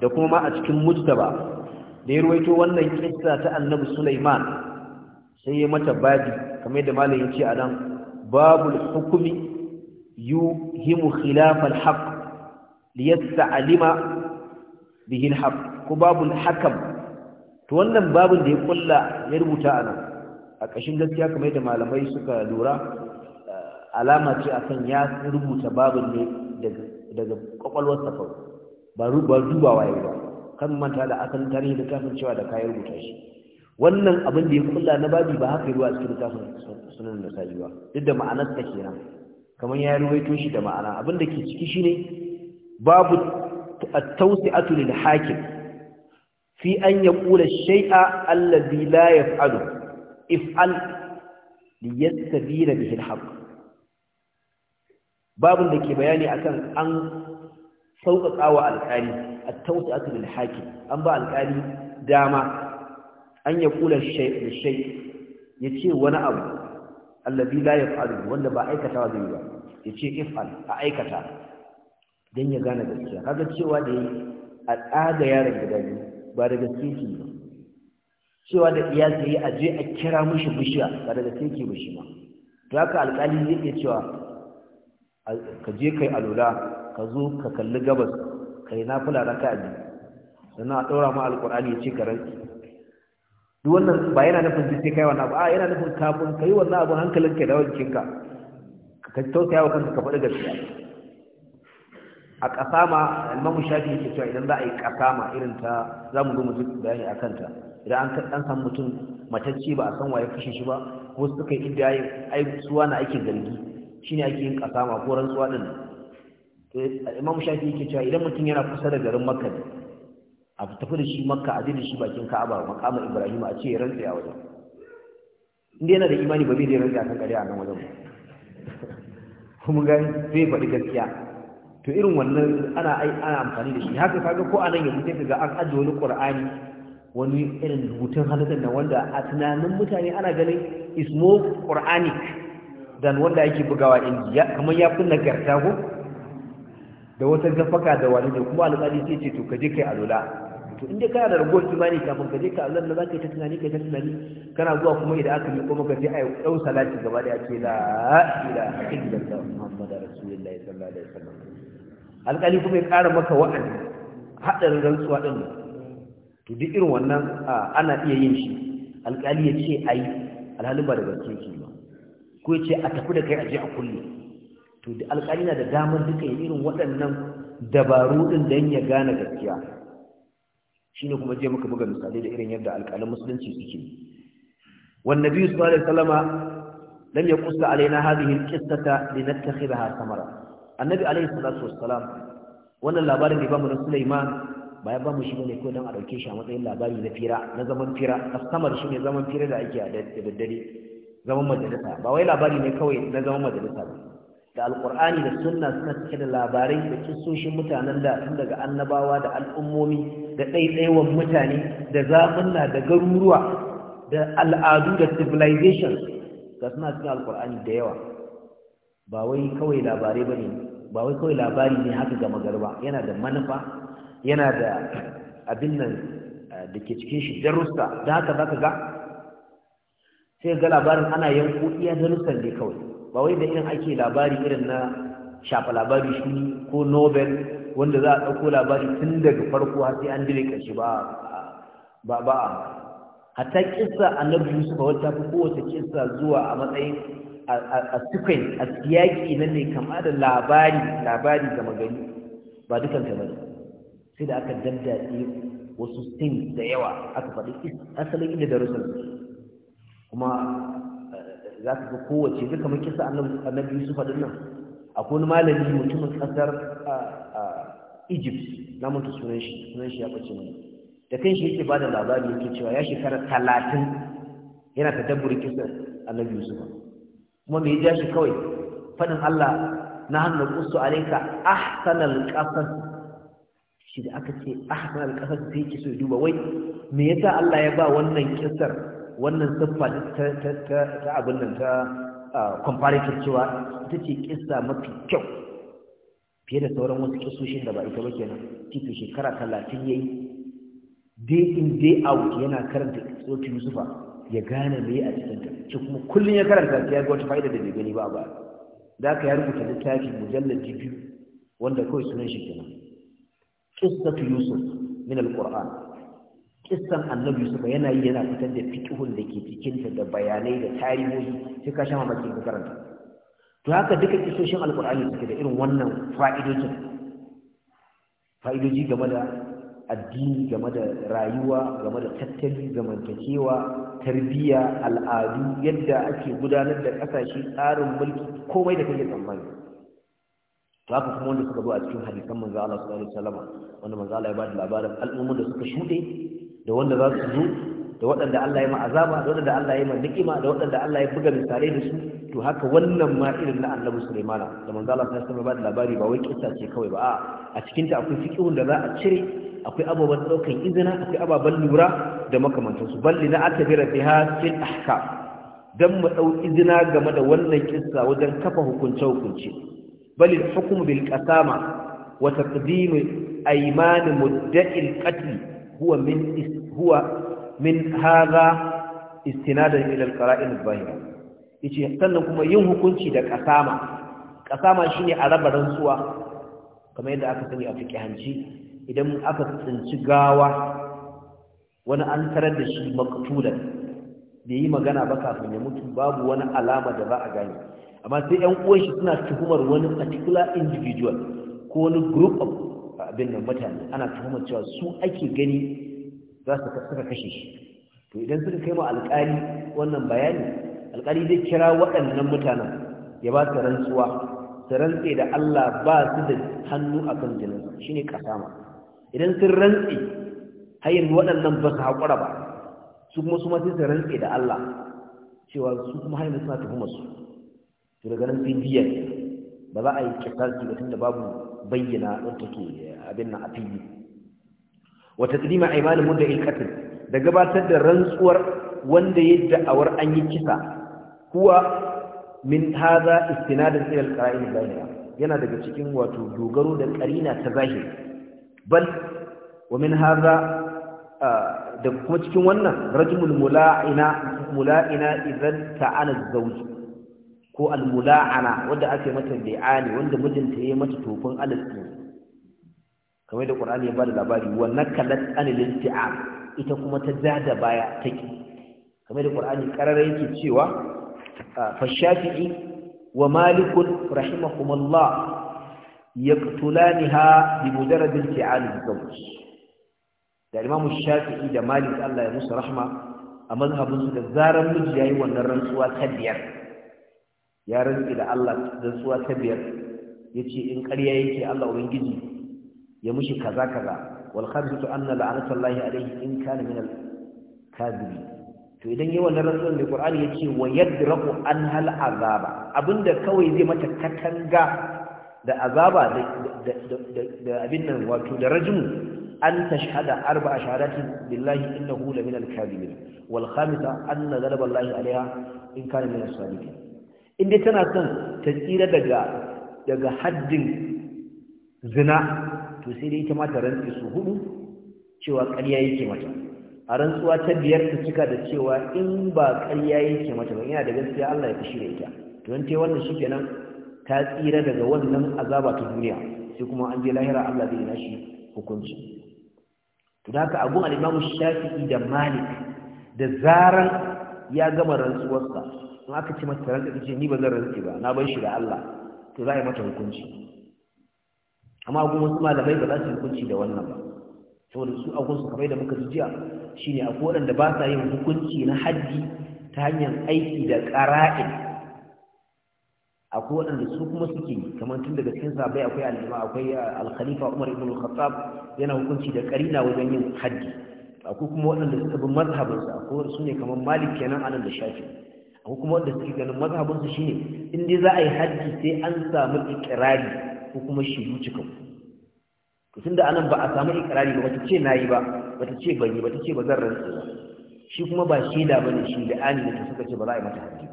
Speaker 1: da kuma ma a cikin mujtaba da ya ruwaito wannan kisa ta annabi sulaiman sai ya mata babi kamar da malam ya ce a nan babul hukumi yuhimu khilaf al-haq liyasta'lima bihi al ko babul hakam to wannan babun da ya kulla ya rubuta anan a kashin gaskiya kamar yadda malamai suka lura eh, alama ce akan ya rubuta babun ne daga kwakwalwar ba ruba dubawa yayi ba kan manta da asalin tarihi da kafin cewa da kayan rubuta shi wannan abin da ya kulla na babi ba haka ruwa cikin littafin sunan da sajiwa duk da ma'anar ta kenan kamar ya ruwaito shi da ma'ana abin da ke ciki shine babu at-tawsi'atu lil hakim fi an yaqula shay'a allazi la yaf'alu if'al liyastabira bihi al-haqq babun da ke bayani akan an sauƙaƙawa alƙali at-tawsi'atu lil hakim an ba alƙali dama an yaqula shay'a ya ce wani abu allazi la yaf'alu wanda ba aikatawa zai ba ya ce if'al a aikata don ya gane gaskiya kaga cewa da yi a tsaga yaron gida biyu ba da gaske ba cewa da iya sai a je a kira mishi bishiya ba da gaske ba shi ba to haka alƙali zai iya cewa ka je kai alula ka zo ka kalli gabas kai na fula raka a biyu sannan a ɗora ma alƙur'ani ya ce ka duk wannan ba yana nufin sai kai wannan abu a yana nufin kafin ka yi wannan abu hankalinka da wankinka ka tausaya wa kanka ka faɗi gaskiya a kasama al shafi yake cewa idan za a yi kasama irin ta za mu zo mu duk bayani a kanta idan an an san mutum matacce ba a san waye kashe shi ba ko suka yi iddiyayin ai suwa na ake zargi shine ake yin kasama ko rantsuwa din al-imamu eh, shafi yake cewa idan mutum yana kusa da garin makka ne a tafi da shi makka a da shi bakin ka'aba makamin ibrahim a ce ya rantsa a wajen inda yana da imani ba zai rantsa kan kare a nan wajen ba kuma gani zai faɗi gaskiya to irin wannan ana ana amfani da shi haka kaga ko a nan yanzu sai kaga an ajiye wani qur'ani wani irin rubutun halittar nan wanda a tunanin mutane ana ganin is more quranic than wanda yake bugawa inji kamar ya fi nagarta ko da wata gafaka da wani da kuma alƙali sai ce to kaje kai alola to inda kana da ragowar imani kafin ka je ka Allah da zaka yi ta tunani kai ta tunani kana zuwa kuma idan aka kuma ka je, ayi dau salati gaba da ake la ilaha illallah muhammadu rasulullahi sallallahu alaihi wasallam alƙali kuma ya ƙara maka wa'azi hadarin rantsuwa din to duk irin wannan ana iya yin shi alƙali ya ce ayi alhalin ba da gaske ke ba ko ya ce a tafi da kai a je a kulle to alƙali na da damar duka irin waɗannan dabaru ɗin dan ya gane gaskiya shine kuma je muka buga misali da irin yadda alƙalin musulunci suke wan nabi sallallahu alaihi wasallama lam yaqussa alaina hadhihi alqissata linattakhidaha samara annabi alaihi salatu wassalam wannan labarin da bamu na Sulaiman ba ya bamu shi bane ko dan a dauke shi a matsayin labari na fira na zaman fira asamar shine zaman fira da ake a daddare zaman majalisa ba wai labari ne kawai na zaman majalisa ba da alkur'ani da sunna suna cike da labarai da kisoshin mutanen da tun daga annabawa da al'ummomi da ɗaiɗaiwan mutane da zamunna da garuruwa da al'adu da civilization ga suna cikin alkur'ani da yawa ba wai kawai labarai ba ne ba wai kawai labari ne haka ga magarba yana da manufa yana da abin nan da ke cikin shi darussa da haka za ka ga sai ga labarin ana yanko iya darussan ne kawai ba wai da irin ake labari irin na shafa labari shi ko nobel wanda za a ɗauko labari tun daga farko har sai an dire ƙarshe ba ba ba hatta kissa annabi yusuf wata fi kowace kissa zuwa a matsayin a sequence a siyaki na ne kama da labari labari ga magani ba dukan ta sai da aka daddace wasu sin da yawa aka faɗi asalin inda darussan kuma za ka ga kowace duka mun kisa annabi Yusuf a dinnan akwai malami mutumin kasar Egypt na mutu sunan shi sunan shi ya bace mana da kan shi yake bada labari yake cewa ya shekara talatin yana tadabburin kisan annabi Yusuf kuma me ya shi kawai fadin Allah na hannun kusu alaika ahsanal qasas shi da aka ce ahsanal qasas sai ki so duba wai me yasa Allah ya ba wannan kisar wannan siffa ta abin nan ta comparative cewa ita ce kissa mafi kyau fiye da sauran wasu kissoshin da ba ita ba kenan cikin shekara talatin yayi day in day out yana karanta kissotin yusufa ya gane me a cikin ta ce kuma kullum ya karanta ta ya ga wata fa'ida da bai gani ba ba da ka ya rubuta littafin mujallaji biyu wanda kawai sunan shi kenan kissatu yusuf min alquran kissan annabi Yusuf yana yi yana fitar da fikihun da ke cikinta da bayanai da tarihi sai ka shama baki ka karanta to haka duka kisoshin alqur'ani suke da irin wannan fa'idoji fa'idoji game da addini game da rayuwa game da tattali zamantakewa tarbiyya al'adu yadda ake gudanar da kasashe tsarin mulki komai da kake tsammani to haka kuma wanda suka zo a cikin hadisan manzo Allah sallallahu alaihi wasallam wanda manzo Allah ya ba da labarin al'ummar da suka shude da wanda za su zo da waɗanda Allah ya ma azaba da waɗanda Allah ya ma ni'ima da waɗanda Allah ya buga misalai da su to haka wannan ma irin na Annabi Sulaimana da manzo Allah sallallahu da labari ba wai kissa ce kawai ba a a cikin ta akwai fiqhun da za a cire akwai ababen daukan izina akwai ababen lura da makamantansu balli na akabira biha fil ahkam don mu ɗau izina game da wannan kissa wajen kafa hukunce-hukunce bal hukum bil qasama wa taqdim ayman mudda'il qatl huwa min huwa min hadha istinadan ila alqara'in adh-dhahira yace sannan kuma yin hukunci da kasama kasama shine a raba rantsuwa kamar yadda aka sani a hanji idan aka tsinci gawa wani an tarar da shi maqtulan bai yi magana ba kafin ya mutu babu wani alama da za a gane amma sai yan uwan shi suna tuhumar wani particular individual ko wani group of abin nan mutane ana tuhumar cewa su ake gani za su suka kashe shi to idan suka kai wa alƙali wannan bayani alƙali zai kira waɗannan mutanen ya ba su rantsuwa su rantse da Allah ba su da hannu a kan jinin shine kasama idan sun rantse hayin waɗannan ba su haƙura ba su kuma su ma sai su rantse da Allah cewa su kuma hayin suna tuhumar su to daga nan sai ba za a yi kisasi tun tunda babu bayyana don take abin nan a fili wa taqdima aymanul mudda'i al da gabatar da rantsuwar wanda ya da'awar an yi kisa kuwa min hadha istinadan ila al-qara'in al-zahira yana daga cikin wato dogaro da ƙarina ta zahiri bal wa min hadha da kuma cikin wannan rajmul mula'ina mula'ina idan ta'ana zawj ko al mula'ana wanda ake mata li'ani wanda mijinta yi mata tofin alasti kamar da ƙur'ani ya bada labari wa nakalat anil inti'am ita kuma ta jada baya take kamar da qur'ani karara yake cewa fa shafi'i wa malik rahimahumullah yaqtulaniha bi mujarrad inti'al zawj da imamu shafi'i da malik Allah ya musu rahma a mazhabinsu da zarar miji yayi wannan rantsuwa ta biyar ya rantsi da Allah rantsuwa ta biyar yace in ƙarya yake Allah ubangiji ya mushi kaza kaza wal khamsatu anna la'natullahi alayhi in kana min al-kadhibi to idan yayi wannan rantsuwar da Qur'ani yace wa yadraqu an hal azaba abinda kawai zai mata katanga da azaba da da abin nan wato da rajmu أن تشهد أربع شهادات بالله al لمن الكاذبين والخامسة أن غلب الله عليها إن كان من الصادقين إن دي تنا سن تسئير daga دقا حد to sai dai ita ma ta rantsi su hudu cewa ƙarya yake mata a rantsuwa ta biyar ta cika da cewa in ba ƙarya yake mata ba yana da gaskiya Allah ya fushi da ita to in ta wannan kenan ta tsira daga wannan azaba ta duniya sai kuma an je lahira Allah zai shi hukunci to da haka abu al-Imam Shafi'i da Malik da zaran ya gama rantsuwarsa in aka ce mata rantsi ce ni ba zan rantsi ba na bar shi da Allah to za a yi mata hukunci amma kuma wasu malamai ba za su yi hukunci da wannan ba saboda su a gunsu kamar da muka ji jiya Shi ne, akwai waɗanda ba sa yin hukunci na haddi ta hanyar aiki da ƙara'in akwai waɗanda su kuma suke yi kamar tun daga cikin sabai akwai al'ima akwai uh, Alkhalifa, umar ibn al-khattab yana hukunci da ƙarina wajen yin haddi akwai kuma waɗanda suka bi mazhabinsa akwai su ne kamar malik kenan anan da shafi akwai kuma waɗanda suke ganin mazhabinsa shine in dai za a yi haddi sai an samu ikirari ko kuma shiru cikakku ku tunda anan ba a samu ikrari ba wata ce nayi ba wata ce ban yi wata ce ba zan rantsa ba shi kuma ba shaida bane shi da ani da suka ce ba za a yi mata haddi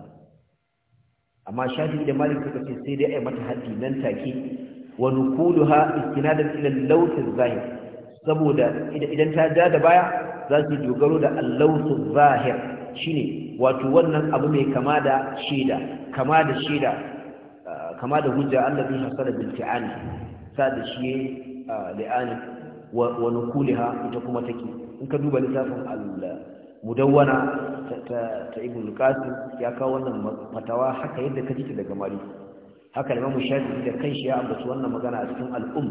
Speaker 1: amma shafi da malik suka ce sai dai a yi mata haddi nan take wa nuquluha istinadan ila al az zahir saboda idan ta ja da baya za su dogaro da al az zahir shine wato wannan abu mai kama da shida kama da shaida kama da hujja allazi hasala bil ti'ani sada da shi li'ani wa nukuliha ita kuma take in ka duba littafin al mudawwana ta ibn qasim ya kawo wannan fatawa haka yadda ka ta daga mali haka imam shafi da kan shi ya ambaci wannan magana a cikin al'um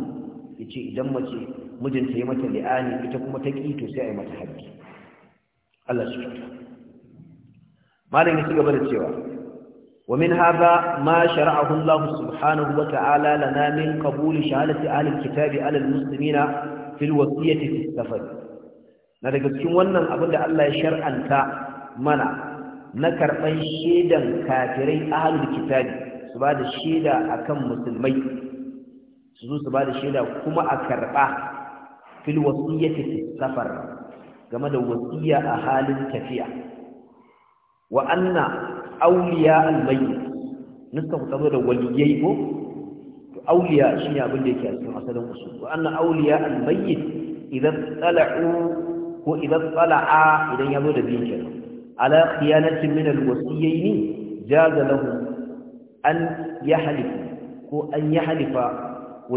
Speaker 1: yace idan mace mijinta ya mata li'ani ita kuma ta ki to sai a mata haƙƙi Allah shi kyauta malam ya ci gaba da cewa ومن هذا ما شرعه الله سبحانه وتعالى لنا من قبول شهادة أهل الكتاب على المسلمين في الوصية في السفر نرجع تكون أبدا الله شرعا كمنع نكر من شيدا كافرين أهل الكتاب سبعد الشيدا أكم مسلمي سوزو سبعد الشيدا كما أكرقا في الوصية في السفر كما دو وصية أهل التفيع wa anna awliya al-mayyit nukan kazo da waliyai ko to awliya shine abin da yake a cikin asalin usul wa anna awliya al-mayyit idan tala'u ko idan tsala'a idan yazo da bin kenan ala khiyanatin min al-wasiyyin jaza lahu an yahlif ko an yahlifa wa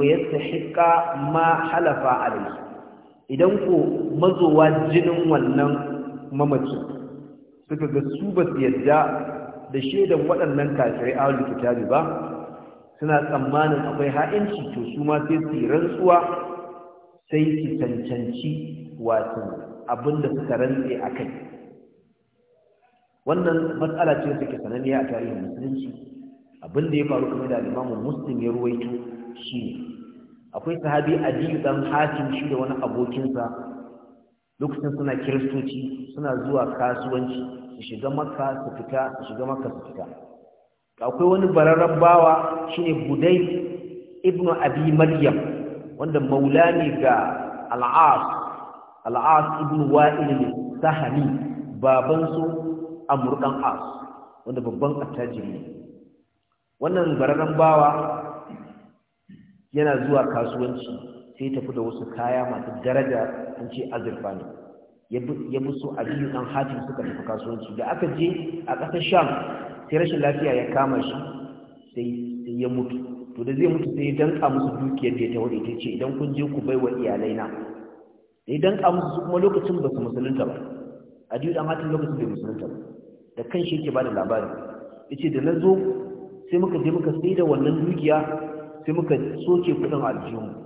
Speaker 1: yastahiqa ma halafa alayhi idan ko mazowa jinin wannan mamacin suka ga su ba su yadda da shaidan waɗannan kafirai ahlu kitabi ba suna tsammanin akwai ha'inci to su ma sai su rantsuwa sai su cancanci wato abin da suka rantse a kai wannan matsala ce suke sananniya a tarihin musulunci abin da ya faru kamar da limamin muslim ya ruwaito shi akwai sahabi adiyu dan hatim shi da wani abokinsa lokacin suna kiristoci suna zuwa kasuwanci su shiga maka su fita su shiga maka su fita akwai wani bararren bawa shine budai ibnu abi maryam wanda Maulani ga al'as al'as ibnu wa'il sahani baban su amurkan as wanda babban attajiri wannan bararren bawa yana zuwa kasuwanci sai tafi da wasu kaya masu daraja an ce azurfa ne ya bi su aliyu dan hajji suka tafi kasuwanci da aka je a ƙasar sham sai rashin lafiya ya kama shi sai ya mutu to da zai mutu sai ya danka musu dukiyar da ya tawo ita ce idan kun je ku bai wa iyalaina sai danka musu su kuma lokacin ba su musulunta ba aliyu dan hajji lokacin bai musulunta ba da kan shi yake ba da Ya yace da na zo sai muka je muka sai da wannan dukiya sai muka soke kudin aljihu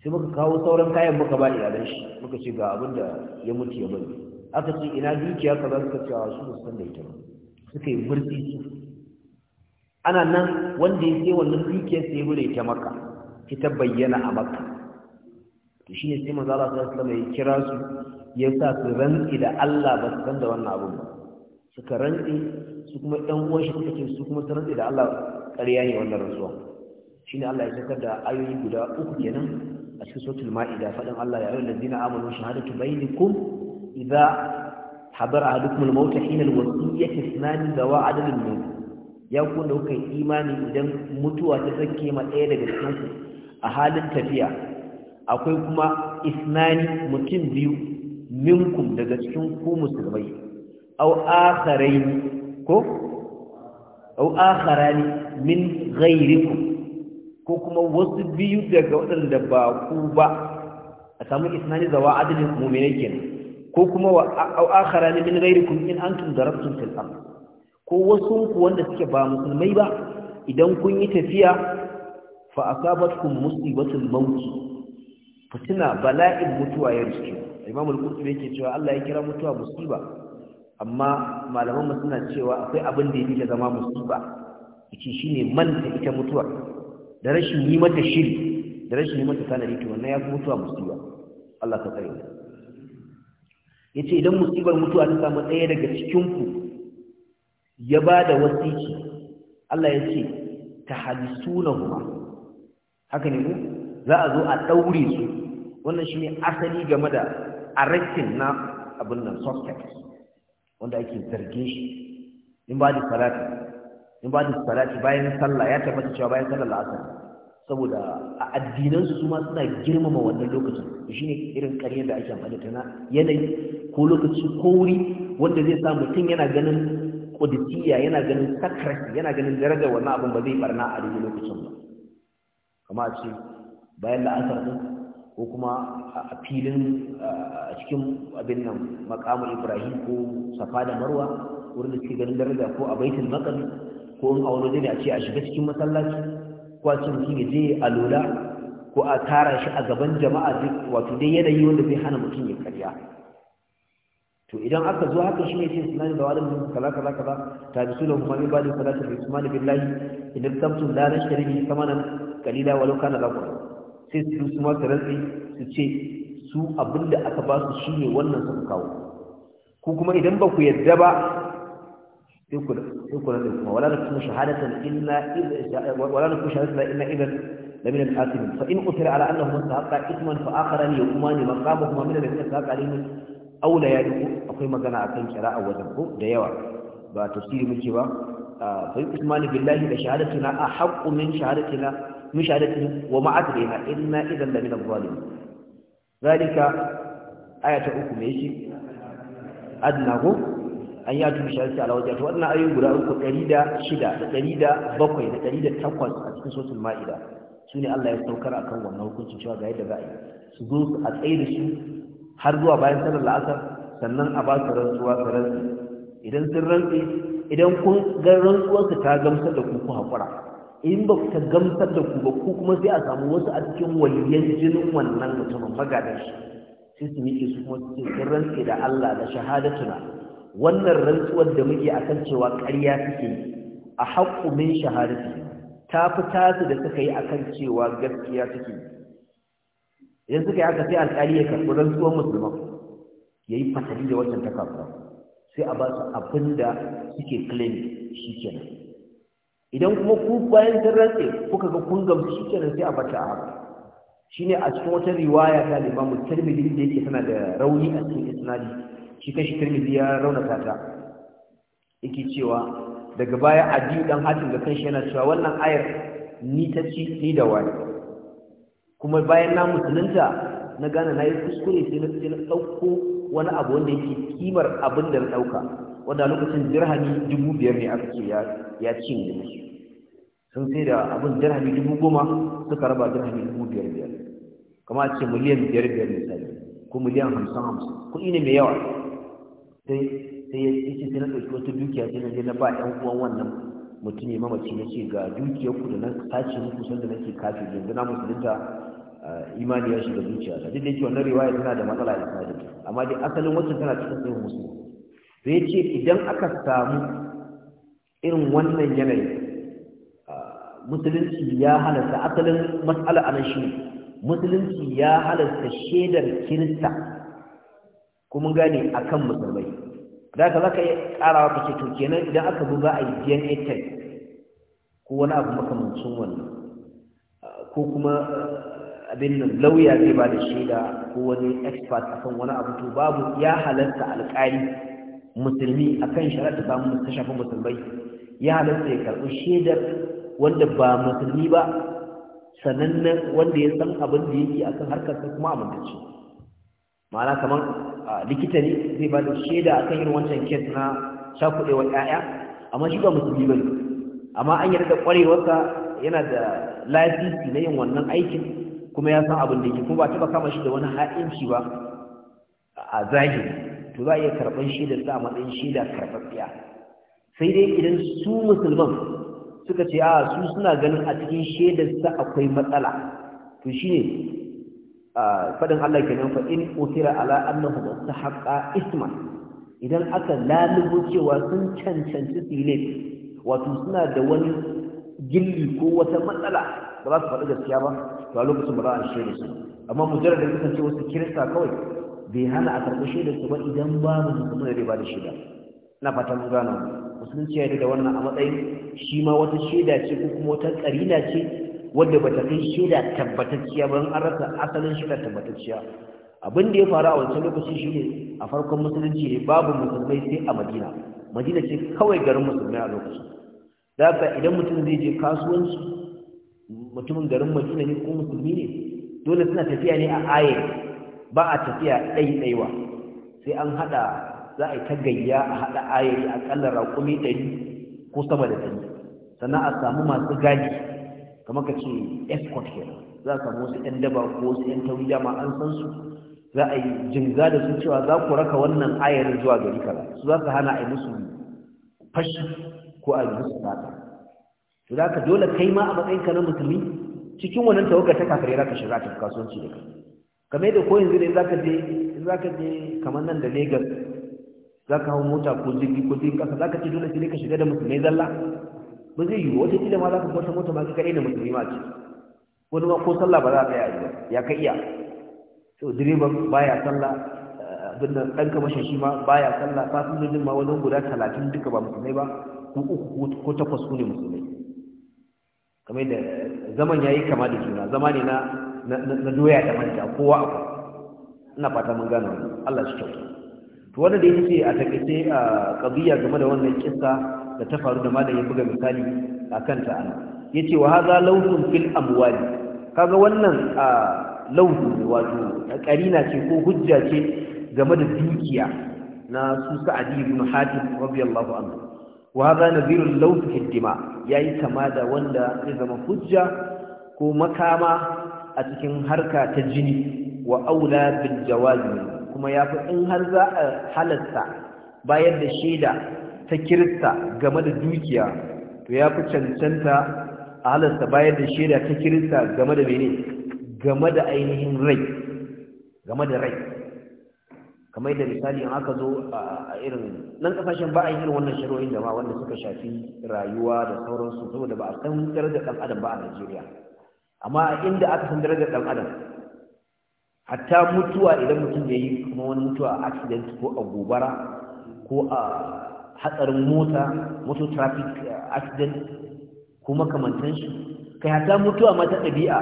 Speaker 1: sai muka kawo sauran kayan muka ba iyalan shi muka ce ga abin da ya mutu ya bari aka ce ina dukiya ka suka ce a su san da ita ba suka yi murfi ana nan wanda ya ce wannan dukiyar sai ya ta maka Ki ta bayyana a maka. to shine sai manzo Allah sallallahu alaihi wasallam ya kira su ya sa su rantsi da Allah ba su san da wannan abun ba suka rantsi su kuma ɗan uwan shi suka ce su kuma su rantsi da Allah ƙarya ne wannan rantsuwa shine Allah ya sakar da ayoyi guda uku kenan a cikin suratul ma'ida faɗin Allah ya zina ladina amanu shahadatu bainakum idza habara ahadukum al-maut ya al-wasiyyati da wa adalin mu. ya ku da kuka imani idan mutuwa ta sake ma ɗaya daga cikin a halin tafiya akwai kuma isnani mutum biyu minkum daga cikin ku musulmai Au akharain ko aw akharani min ghairikum ko kuma wasu biyu daga waɗanda ba ku ba a samu isnani wa adalin mu'minai kenan ko kuma wa akhara min kun in antum darabtum fil ard ko wasu ku wanda suke ba musulmai ba idan kun yi tafiya fa asabatkum musibatul maut fitina bala'in mutuwa ya riske imam al-qurtubi yake cewa Allah ya kira mutuwa musiba amma malaman mu suna cewa akwai abin da yake zama musiba yake shine manta ita mutuwa da rashin yi mata shiri da rashin yi mata tanadi to wannan ya fi mutuwa musuwa Allah ka tsare Ya ce idan musibar mutuwa ta samu tsaye daga cikin ya ba da wasiki Allah yace kuma. haka ne mu za a zo a ɗaure su wannan shi ne asali game da arakin na abin nan sosket, wanda ake zargin shi in ba da salati in ba da salati bayan sallah ya tabbata cewa bayan sallar la'asar saboda a addinansu su ma suna girmama wannan lokacin shine irin ƙaryar da ake amfani na yanayi ko lokaci ko wuri wanda zai sa mutum yana ganin ƙudisiya yana ganin sakrasi yana ganin daraja, wannan abin ba zai barna a daidai lokacin ba kama a ce bayan la'asar ɗin ko kuma a filin a cikin abin nan makamu ibrahim ko safa da marwa wurin da suke ganin daraja ko a baitul maqdis ko in a zai da ce a shiga cikin masallaci ko a cikin mutum ya je a lola ko a tara shi a gaban jama'a duk wato dai yanayi wanda zai hana mutum ya karya to idan aka zo haka shine ce suna da wani mutum kala kala kala ta bi sunan kuma min ba da salatu bi usman billahi idan da la nashri bi nan kalila walau kana lakum sai su ma tarantsi su ce su abinda aka ba su shine wannan sun kawo ku kuma idan ba ku yarda ba يكون الإثم ولا نكتم شهادة إلا إذا ولا نكتم شهادة إلا إذا لمن الحاكم فإن أثر على أنه استحق إثما فآخران يقومان مقامهما من الذي استحق عليهم أو لا يدعو أخي ما كان أكن شراء وذنبه ديوا بتفسير من شبا آه، فإن إثمان بالله لشهادتنا أحق من شهادتنا من شهادتهم وما عدلها إنا إذا لمن الظالم ذلك آية أخرى أدناه an yi atu bishar sai alawar jata waɗannan ayoyi guda uku ɗari da shida da ɗari da bakwai da ɗari da takwas a cikin sosin ma'ida su ne Allah ya saukar a kan wannan hukuncin cewa ga yadda za a yi su zo a tsaye da su har zuwa bayan sanar la'asar sannan a ba su rantsuwa su rantsi idan sun rantsi idan kun ga rantsuwarsu ta gamsar da ku ku haƙura in ba ta gamsar da ku ba ku kuma sai a samu wasu a cikin waliyan jinin wannan mutumin magadan shi sai su miƙe su kuma su ce sun rantsu da Allah da shahadatuna wannan rantsuwar da muke akan cewa ƙarya suke a haƙƙu min shahadati ta fi tasu da suka yi akan cewa gaskiya suke idan suka yi haka sai alƙali ya karɓi rantsuwar musulman ya yi fasali da wancan ta kafa sai a ba su abin da suke claim shi kenan idan kuma ku bayan sun rantse kuka ga kun gamsu shi kenan sai a bata a haka shine a cikin wata riwaya ta limamu tarmidi da yake tana da rauni a cikin isnadi shi kan shi tirmidhi ya raunata ta yake cewa daga baya adiyu dan hatim da kanshi yana cewa wannan ayar ni ta ci ni da wani kuma bayan na musulunta na gane na yi kuskure sai na na ɗauko wani abu wanda yake kimar abin da na ɗauka wanda lokacin dirhami dubu biyar ne aka ce ya ci ne musu sun sai da abin dirhami dubu goma suka raba dirhami dubu biyar biyar kama ce miliyan biyar biyar misali ko miliyan hamsin hamsin kuɗi ne mai yawa sai sai ya ce sai na ɗauki wata dukiya sai na je na ba ɗan uwan wannan mutum ya mamaci na ce ga dukiyar ku da na sace muku sanda nake kafin yanzu na musulunta eh, imani ya shiga zuciya ta duk da yake wannan riwaya tana da matsala da tsari amma dai asalin wancan tana cikin sai musulmi sai ya ce idan aka samu irin wannan yanayi, ah, musulunci ya halasta asalin matsala a nan shi musulunci ya halasta shaidar kirista ko mun gane kan musulmai da ka zaka yi karawa ce to kenan idan aka bi za a yi DNA test ko wani abu makamancin wannan ko kuma eh, abin nan lauya zai ba da shaida ko wani expert akan wani abu to babu ya halarta alƙali musulmi akan shari'a ta mu ta shafi musulmai ya halarta ya karɓi shaidar wanda ba musulmi ba sanannen wanda ya san abin da yake akan harkar kuma amintacce ma'ana kamar likita ne zai ba da shaida kan yin wancan kes na shakuɗewar 'ya'ya. amma shi ba musulmi ne. amma an yarda ƙwarewarsa yana da lasisi na yin wannan aikin kuma ya san abin da yake kuma ba taɓa kama shi da wani ha'inci ba a zahiri to za a iya karɓar shaida sa a matsayin shaida karɓaɓɓiya sai dai idan su musulman suka ce a su suna ganin a cikin shaidar sa akwai matsala to shine fadin Allah kenan fa in utira ala annahu mustahaqqa isma. idan aka lalubo cewa sun cancanci sile wato suna da wani gilli ko wata matsala ba za su faɗi gaskiya ba to a lokacin ba za a shirya su amma mujarrad da kasance wasu kirista kawai bai hana a karɓi shaidar su ba idan babu kuma da ba da shaida ina fata mun gano musulunci ya da wannan a matsayin shi ma wata shaida ce ko kuma wata ƙarina ce Wanda ba ta kai shaida tabbatacciya ba an rasa asalin shaida tabbatacciya abin da ya faru a wancan lokaci shine a farkon musulunci ne babu musulmai sai a madina madina ce kawai garin musulmai a lokacin da haka idan mutum zai je kasuwanci mutumin garin madina ne ko musulmi ne dole suna tafiya ne a aye ba a tafiya ɗaiɗaiwa sai an haɗa za a yi ta gayya a haɗa ayari aƙalla raƙumi ɗari ko sama da ɗari sannan a samu masu gadi kamar ka ce escort kenan za ka samu wasu 'yan daba ko wasu 'yan tauri dama an san su za a yi jinga da su cewa za ku raka wannan ayarin zuwa gari kaza su za su hana a yi musu fashi ko a yi musu sata to za ka dole kai ma a ka na musulmi cikin wannan tawagar ta kafare za ka shiga ta kasuwanci da kai kamar yadda ko yanzu ne za ka je za ka je kamar nan da Lagos za ka hau mota ko jirgi ko jirgin kasa za ka ce dole sai ka shiga da musulmai zalla ba zai yi wata kila ma za ka kwata mota ba ka kaɗai da musulmi ma ce wani ma ko sallah ba za ka yi ya ka iya to direban baya sallah eh, abin da ɗan kamashin shi ma baya sallah fasinjojin ma wani guda talatin duka ba musulmai ba ko uku ko takwas ku ne musulmai kamar da eh, zaman ya yi kama da juna zama ne na doya da manta kowa a ina fata mun gane wannan Allah shi kyauta to wanda da yake a takaice eh, a kabiya game da wannan kissa da ta faru da malamin buga misali a kanta ya ce wa haza laufin fil amwali kaga wannan a laufi wato karina ce ko hujja ce game da dukiya na su sa'adi ibn hatim radiyallahu anhu wa haza nadhirul lawf fil dima yayi kama da wanda zai zama hujja ko makama a cikin harka ta jini wa aula bil jawazi kuma yafi in har za a halatta bayar da shaida ta kirista game da dukiya to ya fi cancanta a halasta bayar da shaida ta kirista game da mene game da ainihin rai game da rai kamar da misali in aka zo a irin nan kasashen ba a yi irin wannan shari'o'in jama'a wanda suka shafi rayuwa da sauransu saboda ba a san darajar dan adam ba a Najeriya amma inda aka san darajar dan adam hatta mutuwa idan mutum ya yi kuma wani mutuwa a accident ko a gobara ko a hatsarin mota motor traffic eh, accident kuma kamantan shi kai hata mutuwa mata ɗabi'a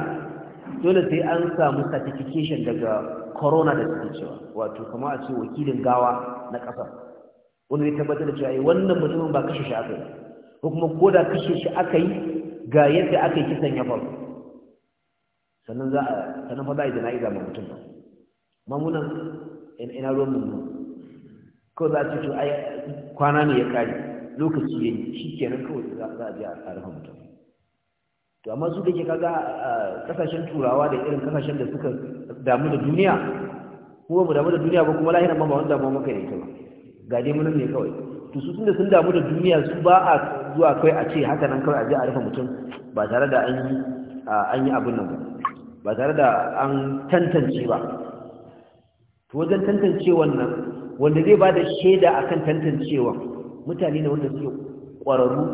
Speaker 1: dole sai an samu certification daga corona da suke cewa wato kama a ce wakilin gawa na ƙasa wanda ya tabbatar da cewa eh, wannan mutumin ba kashe shi aka yi ko kuma ko da kashe shi aka yi ga yadda aka yi kisan ya faru sannan za a sannan fa za a yi jana'iza ma mutum ba mamunan ina ruwan mummuna ko za su to ai kwana ne ya kare lokaci ya yi shi kenan kawai za a je a rufe mutum to amma su da ke kaga kasashen turawa da irin kasashen da suka damu da duniya kuma mu damu da duniya ba kuma lahiran ma ba wanda ba maka ne ita ba ga dai munan ne kawai to su tunda sun damu da duniya su ba a zuwa kai a ce haka nan kawai a je a rufe mutum ba tare da an yi an yi abin nan ba ba tare da an tantance ba to wajen tantance wannan wanda zai ba da shaida kan tantancewa mutane ne wanda suke ƙwararru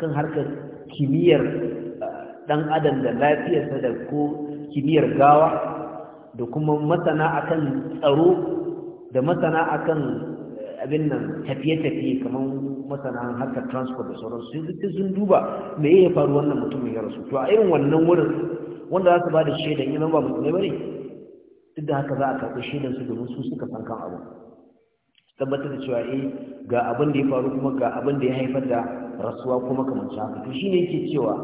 Speaker 1: kan harkar kimiyyar eh, ɗan adam da lafiyarsa da ko kimiyyar gawa da kuma masana a kan tsaro da masana a kan eh, abin nan tafiye-tafiye kamar masana harkar transport da sauransu sun duba me ya faru wannan mutumin ya rasu to a irin wannan wurin wanda za su ba da shaidan ina ba musulmai ba ne duk da haka za a karɓi shaidan su domin su suka san kan abu tabbatar da cewa eh ga abin da ya faru kuma ga abin da ya haifar da rasuwa kuma kamar shi haka to shine yake cewa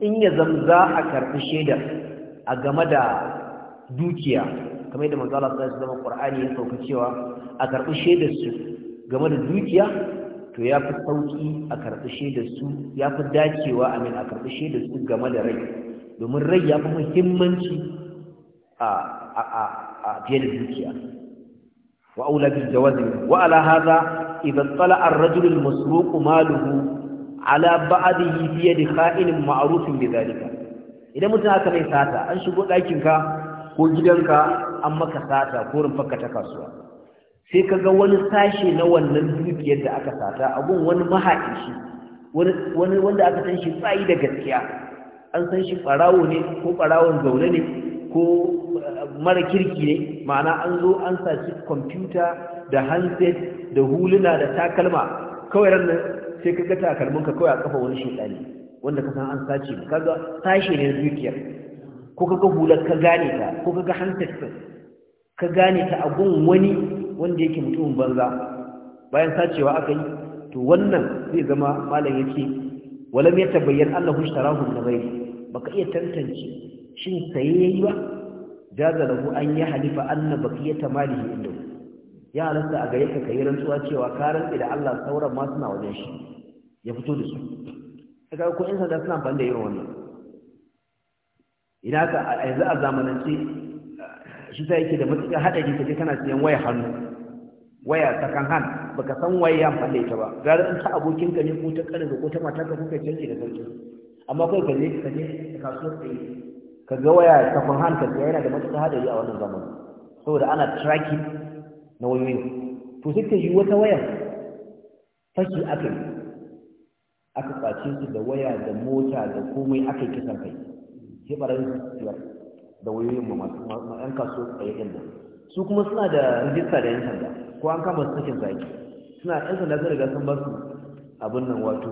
Speaker 1: in ya zamza a karɓi shaidar a game da dukiya kamar yadda manzo Allah su zama Qur'ani ya sauka cewa a karɓi shaidar su game da dukiya to ya fi sauki a karɓi shaidar su ya fi dacewa a min a karɓi shaidar su game da rai domin rai ya fi muhimmanci a a fiye da dukiya وأولى بالجواز وعلى هذا إذا اطلع الرجل المسروق ماله على بعضه في يد خائن معروف بذلك إذا متى هكا ليس هذا أن شبه لكنك وجدنك أما كساتا كورن فكا kasuwa. sai ka ga wani sashe na wannan dukiyar da aka sata abun wani mahaƙi wanda aka san shi tsayi da gaskiya an san shi ɓarawo ne ko ɓarawon zaune ne ko eh, mara kirki ne ma'ana an zo an sashi kwamfuta da handset da huluna da takalma kawai ran nan sai ka ga takalminka kawai a kafa wani shekani wanda ka san an sace ka ga sashe ne zuciyar. ko ka ga hular ka gane ta ko ka ga handset ka gane ta a gun wani wanda yake mutumin banza bayan sacewa aka yi to wannan zai zama malam yake walam ya tabayyan Allah hushtarahu da bai baka iya tantance shin ya yayi ba jaza lahu an ya halifa anna baqiyata malihi inda ya halatta a gare ka kai rantsuwa cewa ka rantsi da Allah sauran ma suna wajen shi ya fito da su daga ko in sanda suna amfani da yin wannan idan ka a yanzu a zamanance shi ta yake da matuƙar haɗari kaje kana siyan waya hannu waya ta kan hannu baka san waye ya fanda ita ba gara in ta abokin ka ne ko ta karin ko ta mata ka kuka canji da sauki amma kai ka je ka je kasuwar ka ga waya kafin hanta Ta yana da matuƙar hadari a wannan zamani saboda ana tracking na wayoyin to sai ta yi wata waya fashi aka yi aka kwace su da waya da mota da komai aka yi kisan kai sai ɓarayin da wayoyin ma masu ma'an kaso a yi nan su kuma suna da rijista da yan sanda ko an kama su cikin zaki suna yan sanda sun riga sun ba su abin nan wato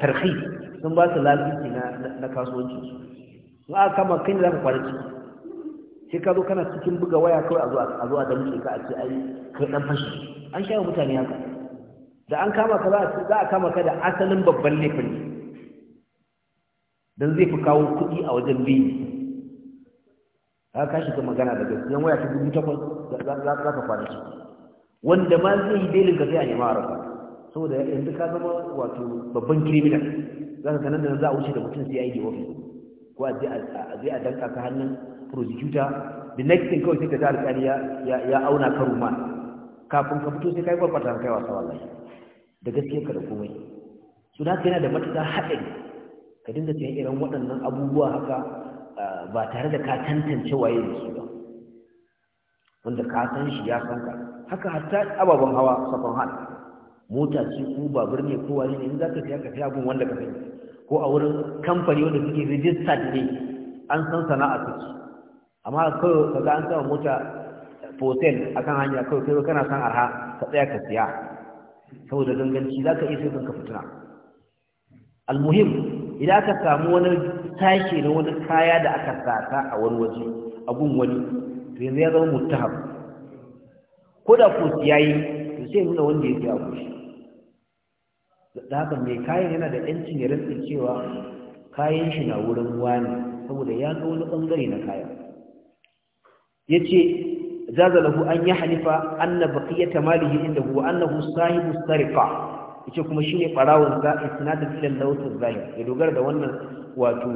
Speaker 1: tarhi sun ba su lafiya na kasuwancinsu Za a kama kai ne za ka kwana ciki sai ka zo kana cikin buga waya kawai a zo a damce ka a ce ai kai dan fashi an sha mutane haka da an kama ka za a kama ka da asalin babban laifin dan zai fi kawo kuɗi a wajen biyu ka kashi ka magana da gaskiyan waya ta dubu takwas za ka kwana wanda ma zai yi belin ka sai a nema rafa saboda yanzu ka zama wato babban kiriminal za ka sanar da za a wuce da mutum sai ya yi ofis ko a je a danka ka hannun prosecutor the next thing kawai sai ka ta alƙali ya auna ka ruma kafin ka fito sai ka yi kwakwata kai wasa wallahi da ka da komai su da yana da matuƙa haɗin. ka dinga sayan irin waɗannan abubuwa haka ba tare da ka tantance waye da su ba wanda ka san shi ya san ka haka hatta ababen hawa safan hal mota ce ko babur ne ko wani ne in za ka siya ka siya gun wanda ka sani ko a wurin kamfani wanda suke rijistar ne an san sana'a suke amma kawai kaga an sama mota fosil a akan hanya kawai kai kana san arha ka tsaya ka siya saboda ganganci za ka iya sai ka fituna almuhim idan aka samu wani sashe na wani kaya da aka sata a wani waje a gun wani to yanzu ya zama mutahab ko da ko siyayi to sai nuna wanda ya siya a kushi da haka mai kayan yana da yancin ya rantsa cewa kayan shi na wurin wani saboda ya ga wani bangare na kaya. ya ce zazalahu an yi halifa anna baqiyata malihi inda huwa annahu sarifa. Ya ce, kuma shi ne barawon za da filin lautar zahir ya dogara da wannan wato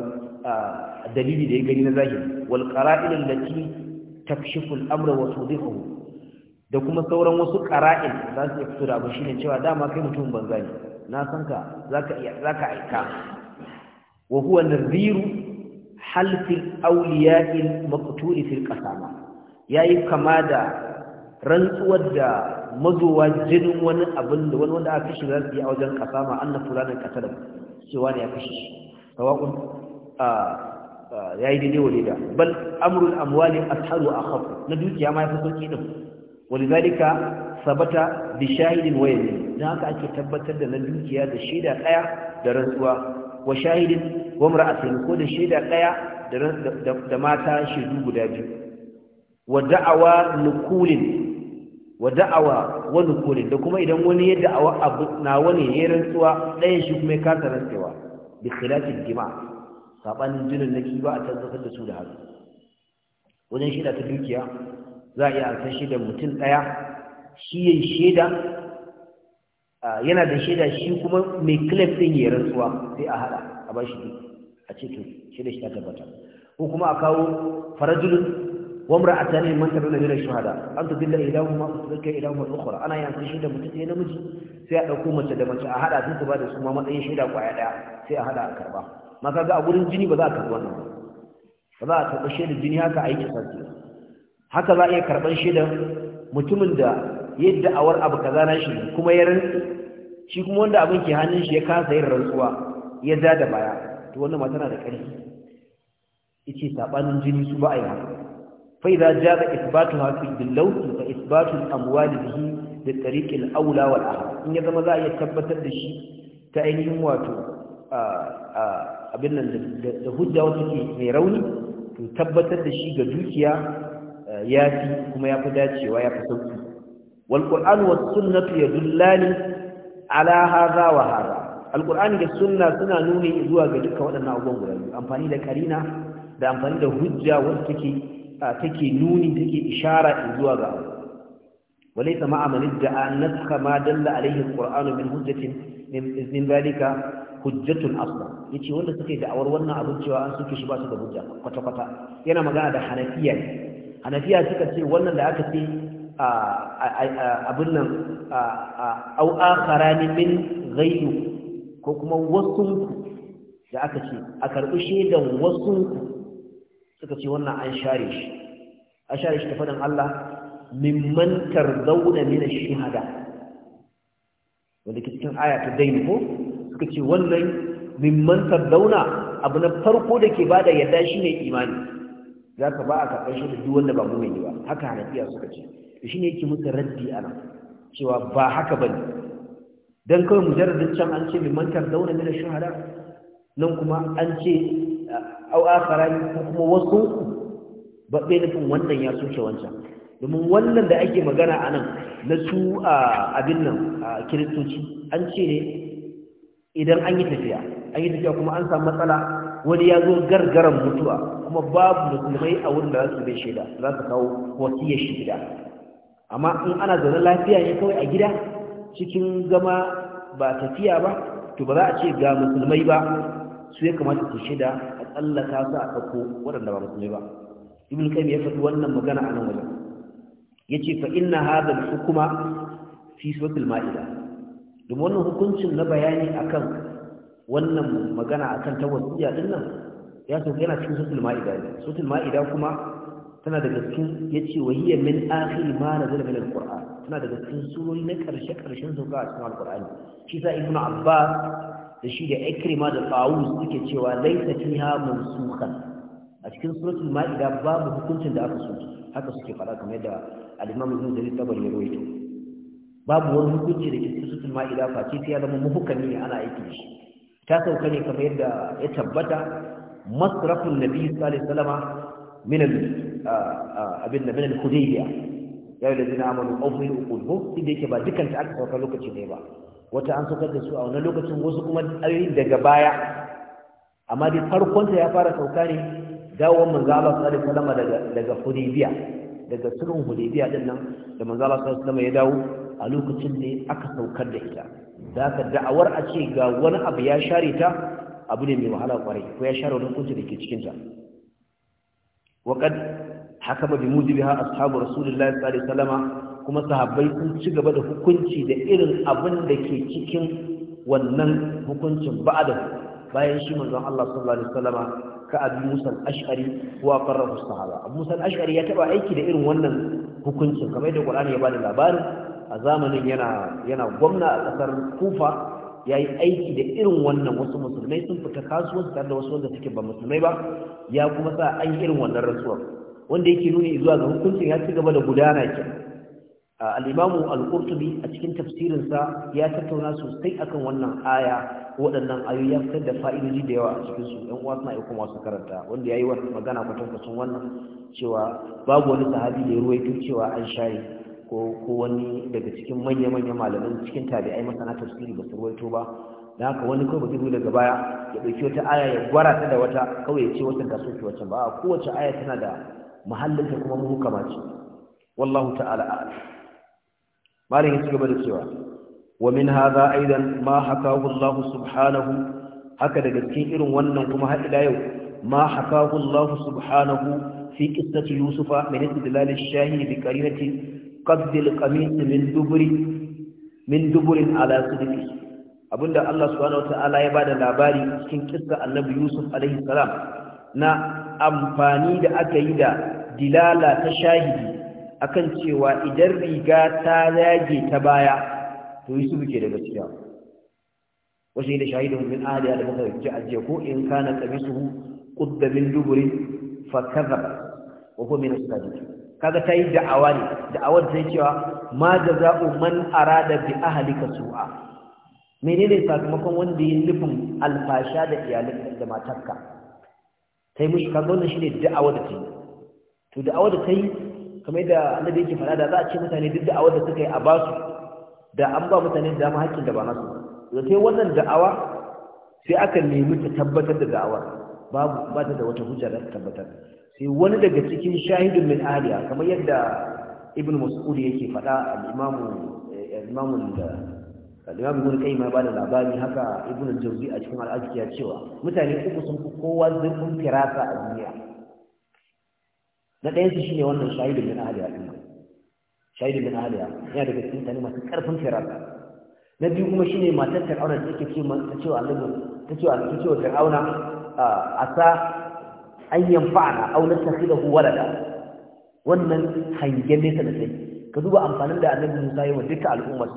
Speaker 1: dalili da ya gani na zahiri wal qara'il allati takshifu amra wa tudihu da kuma sauran wasu ƙara'in za su fito da abu ne cewa dama kai mutum banza ne na san ka zaka iya zaka aika wa huwa nadhiru halfil awliya'il maqtuli fil qasama yayi kama da rantsuwar da mazowa jinin wani abin da wani wanda aka shiga zai a wajen kasama anna fulanin kasalam cewa ne ya kashe shi Ya yi daidai wale da bal amrul amwali asharu akhaf na dukiya ma ya fi sauki din walidalika sabata bi shahidin wayamin dan haka ake tabbatar da na dukiya da shaida daya da rantsuwa wa shahidin wa mar'atin ko da shaida daya da da mata shaidu guda biyu wa da'awa nukulin wa da'awa wa nukulin da kuma idan wani ya da'awa abu na wani ya rantsuwa ɗayan shi kuma ya kasa rantsuwa bi khilafin jima sabanin jinin naki ba a tabbatar da su da haka wajen shida ta dukiya za a iya san shaida da mutum ɗaya shi yin shaida yana da shaida shi kuma mai claim ɗin ya rantsuwa sai a haɗa a ba shi a ce to shaida shi ta tabbata ko kuma a kawo farajulun wamra a tani man tabbata da shahada an ta dilla ilahu ma usulka ilahu al-ukhra ana yanzu shaida mutum ɗaya namiji sai a ɗauko mace da mace a haɗa sun su ba da su ma matsayin shaida kwaya ɗaya sai a haɗa a karba ma kaga a gurin jini ba za a karɓi wannan ba ba za a karɓi shaidar jini haka a yi kisar haka za a iya karɓar shaidar mutumin da yadda awar abu kaza na shi kuma ya rantsu shi kuma wanda abin ke hannun shi ya kasa yin rantsuwa ya ja da baya to wannan ma tana da ƙarfi yace sabanin jini su ba a yi haka fa idza jaza hafi bil lawt fa ithbatu al-amwal bihi bi tariq al-awla wal ahra in ya zama za a iya tabbatar da shi ta ainihin wato abin nan da hujja wata ke mai rauni to tabbatar da shi ga dukiya eh, ya fi kuma ya fi dacewa ya fi sauki والقرآن والسنة يدلان على هذا وهذا القرآن والسنة suna nuni zuwa قدك وأنا أبوه لأيه أمفاني Amfani da da amfani da hujja wadda take take nuni take ishara zuwa ga abu walaysa ma'a man idda'a naskha ma dalla alayhi alqur'anu min hujjatin min iznin dalika hujjatun asla yace wanda suke da'awar wannan abin cewa an suke shi ba su da hujja kwata kwata yana magana da hanafiya hanafiya suka ce wannan da aka ce abin nan au akharani min ghayru ko kuma wasun da aka ce a karbi shedan wasun suka ce wannan an share shi a share shi ta faɗin Allah mimman tarzauna min ash-shuhada wanda ke cikin aya ta daini ko suka ce wannan mimman tarzauna abu na farko da ke bada yadda shine imani za ka ba a karɓar shi da duk wanda ba mu ne ba haka hanafiya suka ce shi ne yake musu raddi a cewa ba haka ba ne don kawai mujarradin can an ce limantar dauna mina shahada nan kuma an ce au akharani ko kuma wasu ba bai nufin wannan ya soke wancan domin wannan da ake magana a nan na su a abin nan a kiristoci an ce ne idan an yi tafiya an yi tafiya kuma an samu matsala wani ya zo gargaran mutuwa kuma babu musulmai a wurin da za su bai shaida za su kawo wasiyar shaida amma in ana zaune lafiya ne kawai a gida cikin zama ba tafiya ba to ba za a ce ga musulmai ba su ya kamata su shida a tsallaka su a ɗauko waɗanda ba musulmai ba ibn qayyim ya faɗi wannan magana a nan wajen yace fa inna hadha al-hukma fi suratul ma'ida domin wannan hukuncin na bayani akan wannan magana akan tawassuya din nan ya so yana cikin suratul ma'ida suratul ma'ida kuma tana daga cikin ce wa hiya min akhir ma nazala min alquran tana daga cikin surori na karshe karshen sauka a cikin al alqurani shi sa ibnu abbas da shi da ikrima da tawus suke cewa laisa fiha mansukhan a cikin suratul ma'ida babu hukuncin da aka soke haka suke faɗa kamar yadda al-imam ibn jarir tabari ya rawaito babu wani hukunci da ke cikin suratul ma'ida face sai ya zama muhukami ne ana aiki shi ta sauka ne kamar yadda ya tabbata masrafun nabi sallallahu alaihi wasallama min al abin da minal hudaybiya ya da zina amalu qawmin uqulhu inda yake ba dukan ta aka sauka lokaci ne ba wata an saukar da su a wannan lokacin wasu kuma ayoyin daga baya amma dai farkon ta ya fara sauka ne dawon manzo Allah sallallahu alaihi wasallam daga daga hudaybiya daga surun hudaybiya din nan da manzo Allah sallallahu alaihi wasallam ya dawo a lokacin ne aka saukar da ita da ka da'awar a ce ga wani abu ya share ta abu ne mai wahala kwarai ko ya share wani kunci da ke cikinta waƙad hakama bi mujibiha ashabu rasulillahi sallallahu alaihi wasallama kuma sahabbai sun ci gaba da hukunci da irin abin da ke cikin wannan hukuncin ba'da bayan shi manzon Allah sallallahu alaihi wasallama ka abi Musa al-Ash'ari wa qarrahu sahaba Abu Musa al-Ash'ari ya taba aiki da irin wannan hukuncin kamar da Qur'ani ya bada labarin a zamanin yana yana gwamna a kasar Kufa ya yi aiki da irin wannan wasu musulmai sun fita kasuwanci tare da wasu wanda suke ba musulmai ba ya kuma sa an irin wannan rasuwar wanda yake nuni zuwa ga hukuncin ya ci gaba da gudana ke al al-qurtubi a cikin tafsirin sa ya tattauna sosai akan wannan aya waɗannan ayoyi ya fitar da fa'idoji da yawa a cikin su uwa suna kuma su karanta wanda yayi wata magana kwatankwacin wannan cewa babu wani sahabi da ya ruwaito cewa an shaye ko ko wani daga cikin manya-manyan malaman cikin tabi'ai masana tafsiri ba su ruwaito ba da haka wani kawai daga baya ya ɗauki wata aya ya gwara ta da wata kawai ya ce wata ta soke wacce ba a kowace aya tana da mahallinta kuma muhukama ce wallahu ta'ala a'lam malam ya cigaba da cewa wa min hadha aidan ma hakahu Allah subhanahu haka daga cikin irin wannan kuma har ila yau ma hakahu Allah subhanahu fi qissati Yusufa min istidlal ash-shahid bi qarinati qabd al-qamis min dubri min dubrin ala sidqi abinda Allah subhanahu ta'ala ya bada labari cikin kissa Annabi Yusuf alaihi salam na amfani da aka yi da dilala ta shahidi akan cewa idan riga ta yage ta baya to yi su buke da gaskiya wasu da shahidun min ahliya da muka ji ajiye ko in kana qamisuhu qudda min duburi fa kadhaba wa huwa min as-sadiq kaga tayi da'awa ne da'awar ta cewa ma jaza'u man arada bi ahlika su'a menene sakamakon wanda yin nufin alfasha da iyalin da matarka tai mushi kaga wannan shine da'awa da take to da awar da kai kamar da annabi yake fara da za a ce mutane duk da da suka yi a basu da an ba mutane da dama hakkin da ba nasu da sai wannan da'awa sai aka nemi ta tabbatar da da'awar babu ba ta da wata hujja da ta tabbatar sai wani daga cikin shahidun min aliya kamar yadda ibn mas'ud yake faɗa al-imamu eh, al-imamu da al-imam ibn qayyim ba da labari haka ibn al-jawzi a cikin al-azkiya cewa mutane uku sun fi kowa zurfin firasa a duniya na ɗayan su shine wannan shahidin min ahli al-umma shahidin min ahli ya daga cikin tani masu karfin firaka na biyu kuma shine matar fir'auna da take ce ta ce wa Allah ta ce wa ta ce wa fir'auna asa an yanfa'ana aw natakhidahu walada wannan hangen nesa da sai ka duba amfanin da annabi Musa ya wa duka al'ummar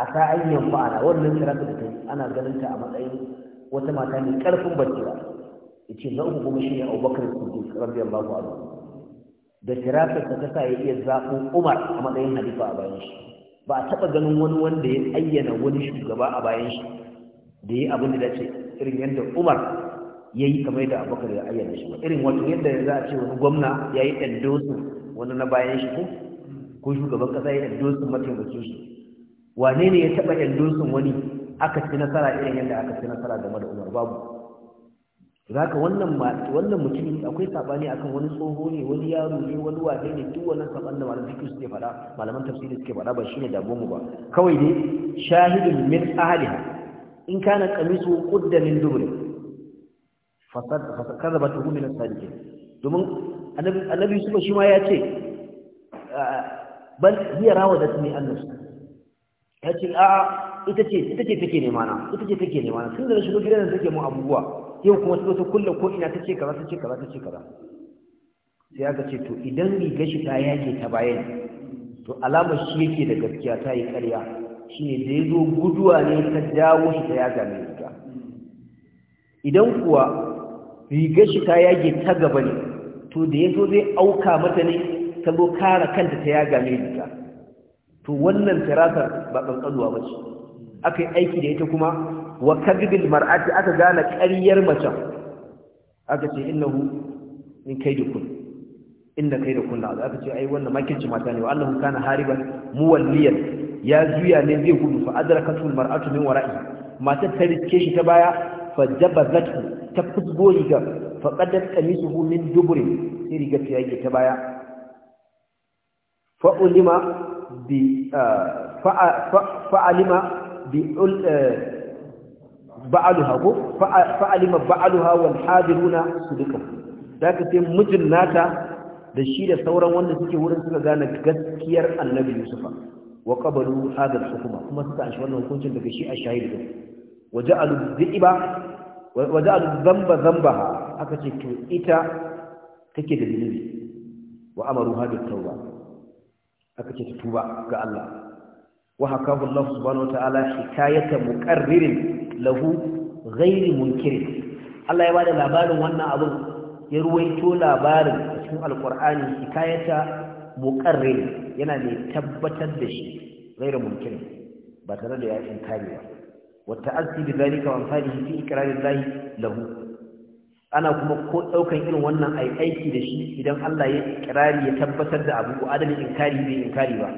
Speaker 1: a ta ayyan fa'ana wannan sirata da kai ana ganin ta a matsayin wata mata mai karfin ba. yace na uku kuma shine Abubakar Siddiq radiyallahu anhu da firasarsa ta sa iya zaɓo Umar a matsayin halifa a bayan shi ba a taɓa ganin wani wanda ya ayyana wani shugaba a bayan shi da ya abin da dace irin yadda Umar ya yi kamar yadda Abubakar ya ayyana shi ba irin wato yadda ya za a ce wani gwamna ya yi endosin wani na bayan shi ko ko shugaban kasa ya endosin mataimakin shi wane ne ya taɓa endosin wani aka ci nasara irin yadda aka ci nasara game da Umar babu zaka wannan wannan mutum akwai sabani akan wani tsoho ne wani yaro ne wani wace ne duk wannan saban da malaman fiqh suke fada malaman tafsiri suke faɗa ba shine damuwa mu ba kawai dai shahidun min ahliha in kana qamisu qudda min dubr fasad fasakazabatu min na sadiqin domin annabi su Yusuf shi ma ya ce ban bal hiya rawadatni an-nafs ya ce a'a ita ce take ne na ita ce take ne na Sun da shigo gidan take mu abubuwa yau kuma su wata kulle ko ina ta ce kaza ta ce kaza ta ce kaza sai aka ce to idan riga shi ta yake ta bayan to alamar shi yake da gaskiya ta yi shi shine da ya zo guduwa ne ta dawo shi ta yaga mai riga idan kuwa riga shi ta yage ta gaba ne to da ya zo zai auka mata ne ta zo kare kanta ta yaga mai riga to wannan tarasar ba ƙanƙanuwa ba ce aka yi aiki da ita kuma wa kadhibil mar'ati aka gane ƙaryar mace aka ce innahu min kaidikun inna kaidikun la aka ce ai wannan makinci mata ne wa Allahu kana hariban muwalliyan ya juya ne zai gudu fa adrakatu al mar'atu min wara'i matar ta rike shi ta baya fa jabazatu ta fusgo riga fa qaddat qamisuhu min dubrin sai riga ta yake ta baya fa ulima bi ah, fa'alima bi eh, ba'aluha ko fa'alima ba'aluha wal hadiruna duka. zaka sai mijin nata da shi da sauran wanda suke wurin suka gane gaskiyar annabi yusufa wa qabalu hadal hukuma kuma suka ashi wannan hukuncin daga shi a shahidu waja'alu dhiba waja'alu dhanba dhanbaha aka ce to ita take da zunubi wa amaru hadal tauba aka ce ta tuba ga Allah wa hakahu Allah subhanahu wataala hikayata muqarririn lahu ghairi munkir Allah ya bada labarin wannan abun ya ruwaito labarin cikin alqur'ani hikayata muqarrir yana ne tabbatar da shi ghairi munkir ba tare da yakin kariya wa ta'assi bi zalika wa amsalihi fi ikrarillahi lahu ana kuma ko daukan irin wannan ai aiki da shi idan Allah ya ikrari ya tabbatar da abu ko adalin inkari bai inkari ba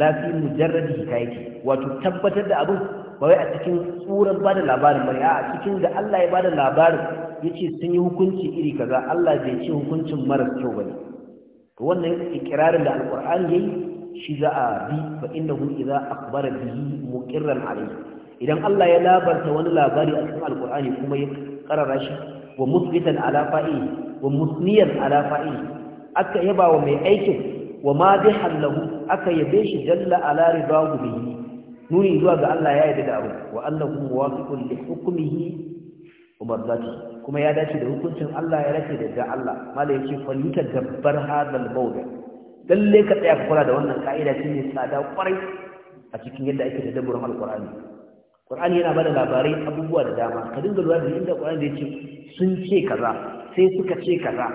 Speaker 1: la fi mujarrad hikayati wato tabbatar da abu Bawai a cikin tsurar bada labarin bane a cikin da Allah ya bada labarin yace sun yi hukunci iri kaza Allah bai ce hukuncin maras kyau bane to wannan ikrarin da ya yi shi za a bi fa innahu idza akhbara bihi muqirran alayhi idan Allah ya labarta wani labari a cikin alqur'ani kuma ya karara shi wa musbitan ala fa'i wa musniyan ala fa'i aka yaba wa mai aikin wa madihan lahu aka yabe shi jalla ala ridahu bihi nuni zuwa ga Allah ya yarda da abu wa annahu muwafiqun li hukmihi wa mardati kuma ya dace da hukuncin Allah ya rake da Allah mala yace falyuta dabbar hadal mawdu dalle ka tsaya kula da wannan kaida shi ne tsada kwarai a cikin yadda ake da dabbar alqur'ani qur'ani yana bada labarai abubuwa da dama ka dinga lura da inda qur'ani yake sun ce kaza sai suka ce kaza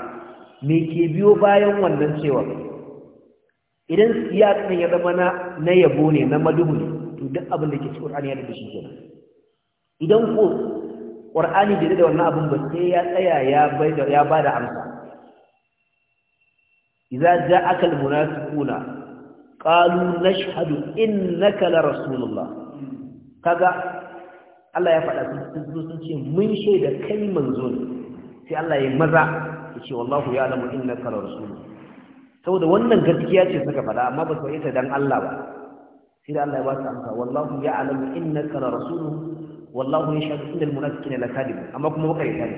Speaker 1: me ke biyo bayan wannan cewa idan siyasan ya zama na yabo ne na madubu to duk abin da ke cikin Qur'ani ya dace shi kenan idan ko Qur'ani bai da wannan abin ba sai ya tsaya ya bai da ya bada amsa idza ja'aka al-munafiquna qalu nashhadu innaka la rasulullah kaga Allah ya faɗa sun sun ce mun shaida kai manzo ne sai Allah ya maza ya ce wallahu ya'lamu innaka la rasulullah saboda wannan gaskiya ce suka faɗa amma ba su yi ta dan Allah ba sai da Allah ya ba su amsa wallahu ya ya'lamu innaka la rasuluhu wallahu ya yashhadu innal munafiqina lakadibun amma kuma muka yi tare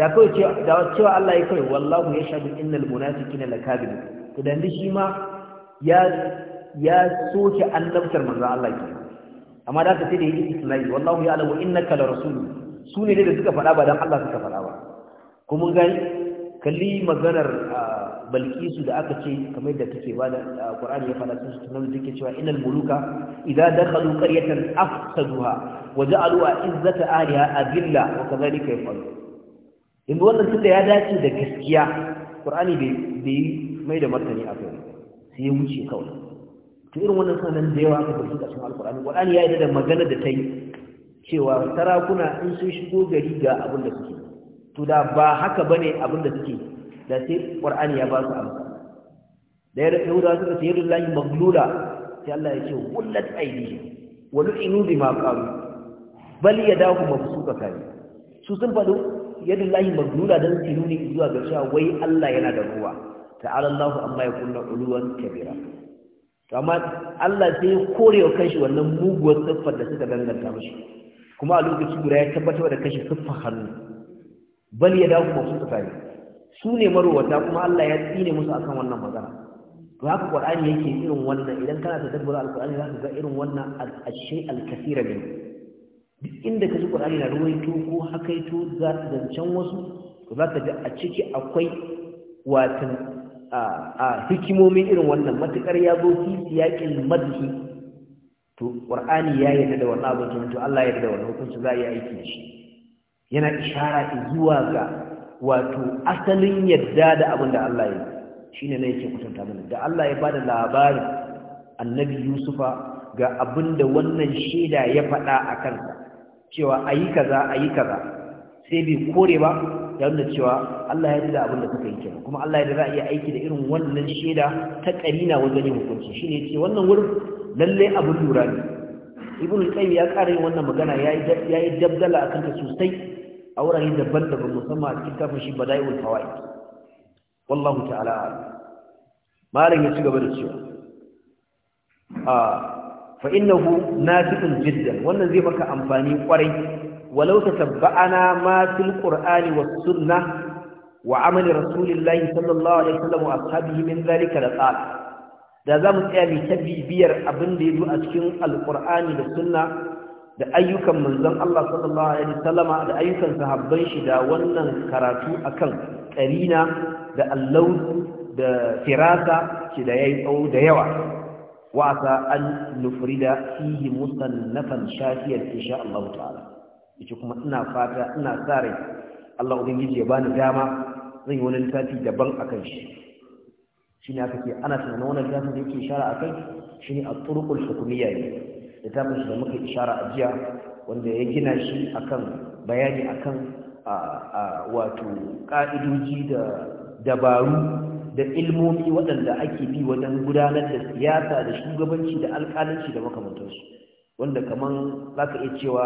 Speaker 1: da kawai da cewa Allah ya kai wallahu ya yashhadu innal munafiqina lakadibun to dan shi ma ya ya soke annabtar manzon Allah ke amma da ka sai da yi islai wallahu alamu innaka la rasuluhu su ne da suka faɗa ba dan Allah suka faɗa ba kuma gani kalli maganar ah, balkisu da aka ce kamar da take ba da qur'ani ya fara sun nan da cewa inal muluka idza dakhalu qaryatan afsaduha wa ja'alu izzata ahliha adilla wa kadhalika yafalu in wannan tunda ya dace da gaskiya qur'ani bai bai mai da martani a kai sai ya wuce kawai to irin wannan sanan da yawa aka bar ka cikin alqur'ani qur'ani ya yi da magana da tai cewa sarakuna in sun shigo gari ga abin da suke to da ba haka bane abin da suke da sai qur'ani ya ba su amsa da da suka ce lahi maglula sai Allah ya ce kullat aidi wa lu'inu bima qalu bal yadahu mabsuka kai su sun fado lahi maglula dan su nuni zuwa ga cewa wai Allah yana da ruwa ta'ala Allahu amma yakunna uluwan kabira to amma Allah sai ya kore wa kanshi wannan muguwar siffar da suka danganta mishi kuma a lokaci guda ya tabbatar da kashi siffar hannu bal yadahu mabsuka kai su ne marowata kuma Allah ya tsine musu akan wannan magana to haka Qur'ani yake irin wannan idan kana tadabbura al-Qur'ani zaka ga irin wannan al-shay al-kathira min duk inda kaji Qur'ani na ruwaito ko hakaito za ta zancen wasu to zaka ji a ciki akwai wato a hikimomin irin wannan matukar ya zo fi siyaqil madhi to Qur'ani ya yarda da wannan abin to Allah ya yarda da wannan hukunci za a yi aiki shi yana ishara zuwa ga wato asalin yadda da abin da Allah ya shi ne na yake kusanta mana da Allah ya da labarin annabi yusufa ga abin da wannan shaida ya faɗa a kansa cewa a yi kaza a yi kaza sai bai kore ba da wanda cewa Allah ya da abin da suka yi kenan kuma Allah ya da za a iya aiki da irin wannan shaida ta ƙarina wajen yin hukunci shi ne ce wannan wurin lallai abin lura ne ibn ya ƙara yin wannan magana ya yi dabdala a kanta sosai a wurare daban-daban musamman a cikin kafin shi badaiul fawaid wallahu ta'ala malam ya ci gaba da cewa a fa na nafi'un jiddan wannan zai maka amfani kwarai walau tatabba'ana ma fil ƙurani wa sunnah wa amali rasulillahi sallallahu alaihi sallam. wa ashabihi min zalika da tsara. da za mu tsaya mu tabbiyar abin da zo a cikin alqur'ani da sunna da ayyukan manzon Allah sallallahu alaihi wasallama da ayyukan sahabban shi da wannan karatu akan ƙarina da allau da firasa shi da yi tsawo da yawa wasa asa an nufrida fihi musannafan shafiyar insha Allah ta'ala yace kuma ina fata ina sa rai Allah ubangiji ya bani dama zan yi wani littafi daban akan shi shine aka ke ana tunanin wani littafin da yake shara akan shine at-turuqul hukumiyya littafin da muka ishara a jiya wanda ya gina shi akan bayani akan wato ka'idoji da dabaru da ilmomi waɗanda ake bi wajen gudanar da siyasa da shugabanci da alƙalanci da makamantarsu wanda kamar za ka iya cewa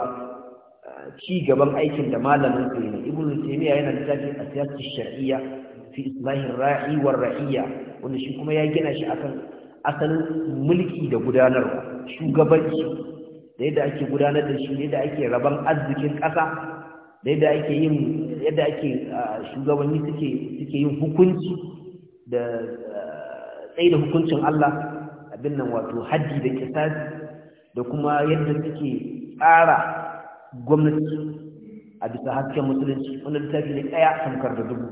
Speaker 1: ci gaban aikin da malamin ku ne ibn taymiya yana littafin asiyatu shar'iyya fi islahin ra'i war ra'iyya wanda shi kuma ya gina shi akan asalin mulki da gudanarwa shugabanci da yadda ake gudanar da shi yadda ake raban arzikin ƙasa da yadda ake yin yadda ake shugabanni suke suke yin hukunci da tsaye da hukuncin Allah abin nan wato haddi da kisasi da kuma yadda suke tsara gwamnati a bisa hasken musulunci wannan littafi ne ɗaya tamkar da dubu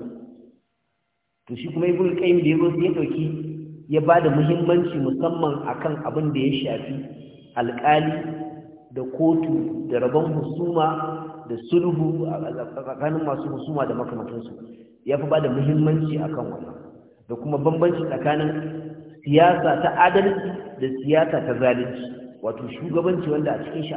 Speaker 1: to shi kuma ibn qayyim da yazo sai ya dauki ya ba da muhimmanci musamman akan abin da ya shafi alƙali da kotu da rabon husuma da sulhu a tsakanin masu husuma da makamakinsu ya fi ba da muhimmanci akan wannan da kuma bambanci tsakanin siyasa ta adalci da siyasa ta zalunci wato shugabanci wanda a cikin shi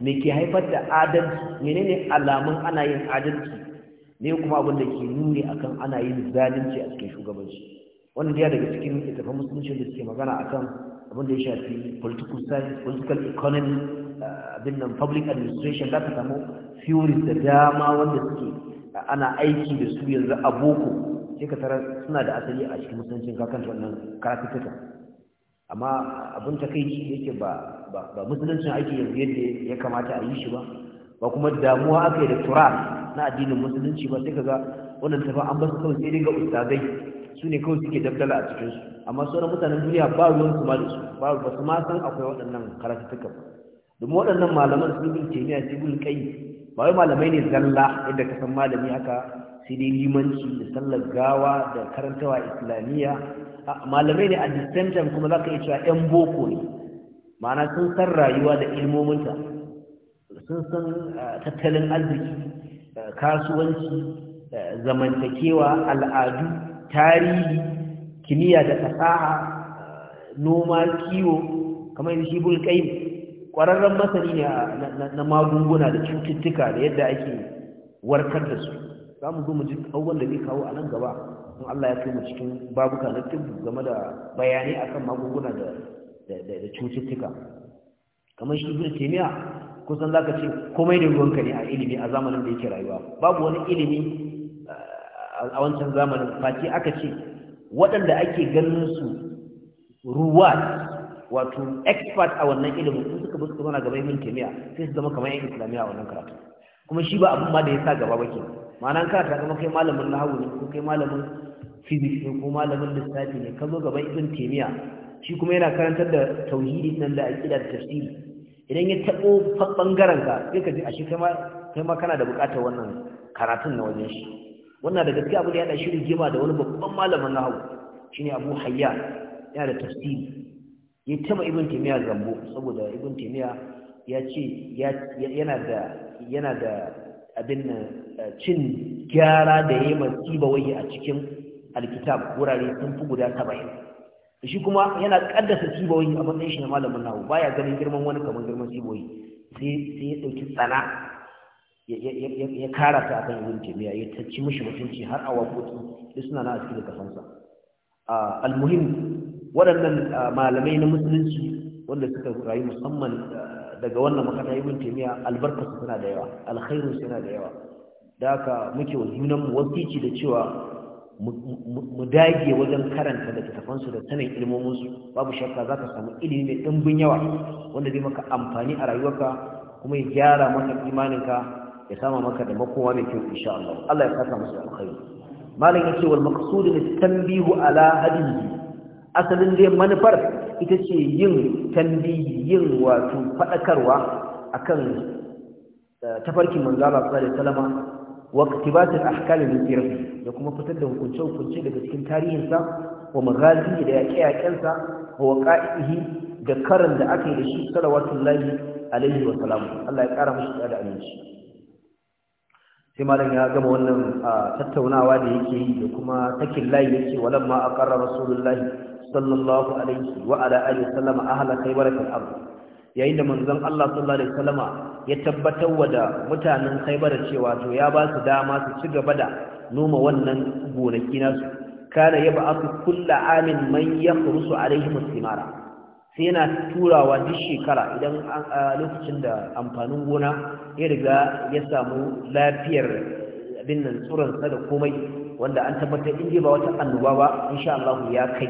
Speaker 1: me ke haifar da adalci menene alamun ana yin adalci ne kuma abin da ke nuni akan ana yin zalunci a cikin shugabanci wanda ya daga cikin littattafan musulunci da suke magana akan abin da ya shafi political science political economy abin nan public administration za ta samu theories da dama wanda suke ana aiki da su yanzu a boko sai ka tara suna da asali a cikin musulunci kakan wannan karatuttuka amma abin takaici yake ba ba musulunci ake yanzu yadda ya kamata a yi shi ba ba kuma damuwa aka yi da tura na addinin musulunci ba sai ka ga wannan tafi an basu kawai sai dai ga ustazai su ne kawai suke dabdala a cikinsu amma sauran mutanen duniya ba ruwan su ma da su ba ba su ma san akwai waɗannan ba. domin waɗannan malaman su bin taimiya su bin kai ba wai malamai ne zalla yadda ka san malami haka sai dai limanci da sallar gawa da karantawa islamiyya malamai ne a distantan kuma za ka iya cewa yan boko ne ma'ana sun san rayuwa da ilmominta sun san tattalin arziki kasuwanci zamantakewa al'adu tarihi kimiyya da fasaha noma kiwo kamar yadda shi bulkai ƙwararren masani ne na magunguna da cututtuka da yadda ake warkar da su za mu zo mu ji abubuwan da zai kawo a nan gaba in Allah ya kai cikin babuka na tubu game da bayanai akan magunguna da cututtuka kamar shi ibn kimiya kusan zaka ce komai da ruwanka ne a ilimi a zamanin da yake rayuwa babu wani ilimi a wancan zamanin Fati aka ce waɗanda ake ganin su ruwa wato expert a wannan ilimin sun suka bi suka zauna gaba yin taymiya sai su zama kamar yan islamiyya a wannan karatu kuma shi ba abin ma da ya sa gaba bake ma'ana ka karata zama kai malamin lahawu ne ko kai malamin physics ne ko malamin lissafi ne ka zo gaba yin taymiya shi kuma yana karantar da tauhidi nan da aqida da tafsiri idan ya tabo bangaren ka sai ka ji a shi kai ma kana da bukatar wannan karatun na wajen shi wannan da gaske abu da yana shirin gima da wani babban malamin shi ne Abu hayya yana da tafsiri ya tama ibin Taymiyyah zambo saboda ibin Taymiyyah ya ce yana da abin na eh, cin gyara da ya yayi masiba wai a cikin alkitab wurare sun fi guda 70 shi kuma yana kaddasa siboyi a matsayin shi na malamin ba baya ganin girman wani kamar girman siboyi sai sai ya dauki tsana ya kara ta akan ibn taymiya ya tacci mishi mutunci har a wakoki duk suna na a da kafansa almuhim waɗannan malamai na musulunci wanda suka rayu musamman daga wannan makata ibn taymiya albarkarsu suna da yawa alkhairu suna da yawa da haka muke wa junan mu wasici da cewa mu dage wajen karanta littattafansu da sanin ilmominsu babu shakka za ka samu ilimi mai ɗimbin yawa wanda zai maka amfani a rayuwarka kuma ya gyara maka imaninka ya sama maka da makowa mai kyau insha Allah Allah ya saka musu alkhairi malam yace wal maqsud tanbihu ala hadihi asalin dai manufar ita ce yin tanbihi yin wato fadakarwa akan eh, tafarkin manzo Allah sallallahu alaihi wasallam wa iktibatul ahkam al-sirri da kuma fitar da hukunce hukunce daga cikin tarihinsa wa maghazi da yaƙe-yaƙensa wa qa'ihi da karin da aka yi da shi sallallahu alaihi wa sallam Allah ya ƙara mushi da aminci sai malam ya gama wannan tattaunawa da yake yi da kuma takin layi yake walamma aqarra rasulullahi sallallahu alaihi wa ala alihi sallama ahla khaybar fil ard yayin da manzon Allah sallallahu alaihi wasallama ya tabbatar wa da mutanen khaybar cewa to ya ba su dama su ci gaba da noma wannan gonaki nasu kana yab'athu kullu amin man yakhrusu alaihim as sai yana turawa duk shekara idan lokacin da amfanin gona ya riga ya samu lafiyar abin nan tsuransa da komai wanda an tabbatar in ba wata annoba ba insha Allah ya kai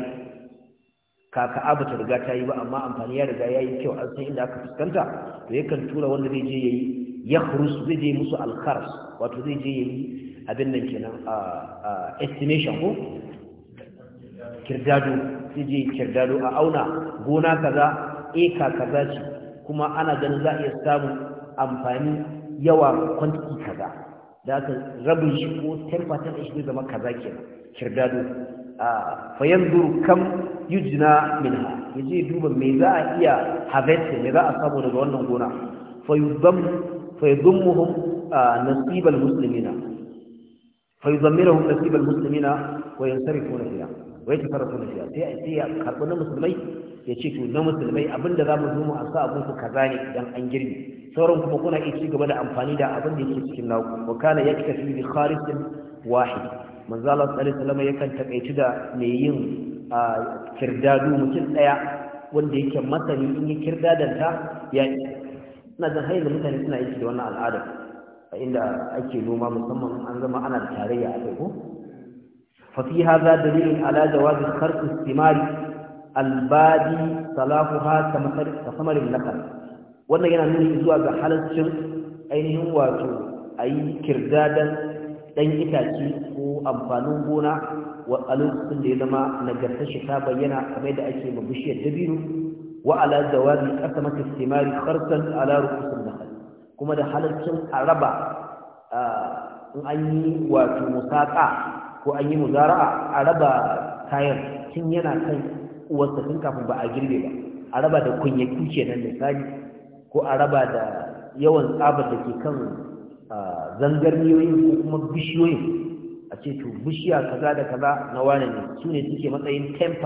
Speaker 1: kaka abu ta riga ta yi ba amma amfani ya riga ya yi kyau an san inda aka fuskanta to yakan tura wanda zai je yayi ya khurusu zai je musu alkharas wato zai je yayi abin nan kenan a estimation ko kirdado zai je kirdado a auna gona kaza eka kaza ce kuma ana ganin za a iya samun amfani yawa kwantiki kaza da aka rabin shi ko 10% shi zai zama kaza ke kenan kirdado fa yanzuru kam yujna minha yaje duba me za a iya harvest me za a samu daga wannan gona fa yudam fa yudmuhum nasibal muslimina fa yudammiruhum nasibal muslimina wa yansarifuna fiha wai ta fara sunan sai a sai ya karɓi na musulmai ya ce to na musulmai abinda za mu zo mu asa sa abin ku kaza ne idan an girbi sauran kuma kuna iya ci gaba da amfani da abin da yake cikin naku wa kana yaktafi bi kharisin wahid manzo Allah sallallahu alaihi wasallam yakan takaici da mai yin kirdadu mutum daya wanda yake masani in ya kirdadanta ya ina da hayyar mutane suna yi da wannan al'ada inda ake noma musamman an zama ana tarayya a ko ففي هذا دليل على جواز خرق الثمار البادي صلاحها كثمر النخل wannan yana nuni zuwa ga halaccin ainihin wato a yi kirdadan ɗan itace ko amfanin gona a lokacin da ya zama nagartashi ta bayyana kamar da ake ma bishiyar dabino wa ala zawabi kasa mata istimari kharsan ala rukusun nahal kuma da halaccin araba in an yi wato musaƙa. ko an yi muzara'a a raba kayan tun yana kan uwarsa tun kafin ba a girbe ba a raba da kunyaki kenan misali ko a raba da yawan tsabar da ke kan zangarniyoyin ko kuma bishiyoyin a ce to bishiya kaza da kaza na wane ne su ne suke matsayin 10%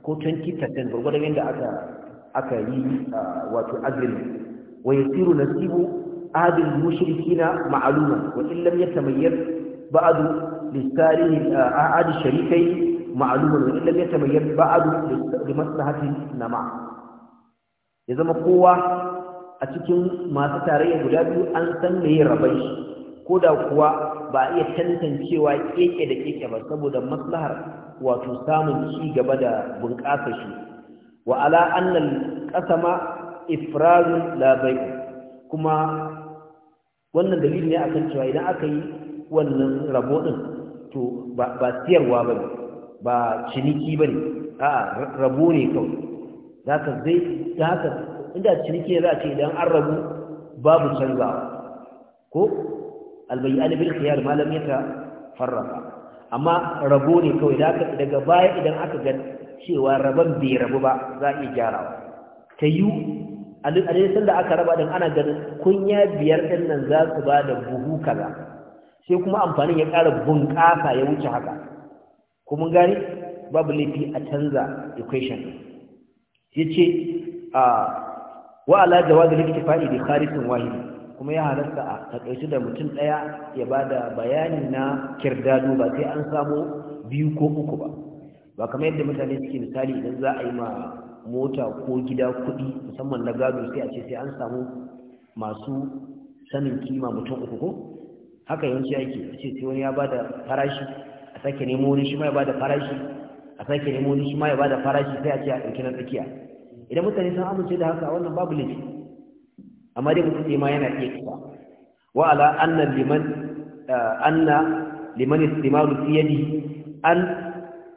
Speaker 1: ko 20% gwargwadon yadda aka aka yi wato agreement wa yasiru nasibu ahadul mushrikina ma'luma wa in lam yatamayyaz ba'du للتاريخ أعاد الشريكين معلومة وإن لم يتميز بعد لمصلحة النماء إذا ما قوة أتكين ما ستاريه قدابي أن تنمي ربيش كودا قوة ba iya tantancewa keke da keke ba saboda maslahar wato samun ci gaba da bunƙasa shi لا ala كما kuma wannan dalili ne akan cewa idan aka yi wannan rabo din to ba siyarwa ba ba ciniki ba ne a rabu ne kawai za ka zai da haka inda ciniki ne za a ce idan an rabu babu canzawa ko albayyana bil khiyar malam ya ta farrafa amma rabu ne kawai da daga baya idan aka ga cewa rabon bai rabu ba za a iya gyarawa ta yi a da aka raba ɗin ana ganin kunya biyar ɗin nan za su ba da buhu kaza sai kuma amfanin ya ƙara bunƙasa ya wuce haka Kuma gani gane babu laifi a canza equation yace a wa da jawaz faɗi iktifai bi kharisin kuma ya halarta a taƙaice da mutum ɗaya ya ba da bayani na kirdado ba sai an samu biyu ko uku ba ba kamar yadda mutane suke misali idan za a yi ma mota ko gida kuɗi musamman na gado sai a ce sai an samu masu sanin kima mutum uku ko haka yawanci ake a ce sai wani ya ba da farashi a sake nemo wani shi ma ya ba da farashi a sake nemo wani shi ma ya ba da farashi sai a ce a ɗauki na tsakiya idan mutane sun amince da haka wannan babu laifi amma dai mutum ma yana iya kisa wa ala anna liman eh, anna liman istimalu fi yadi an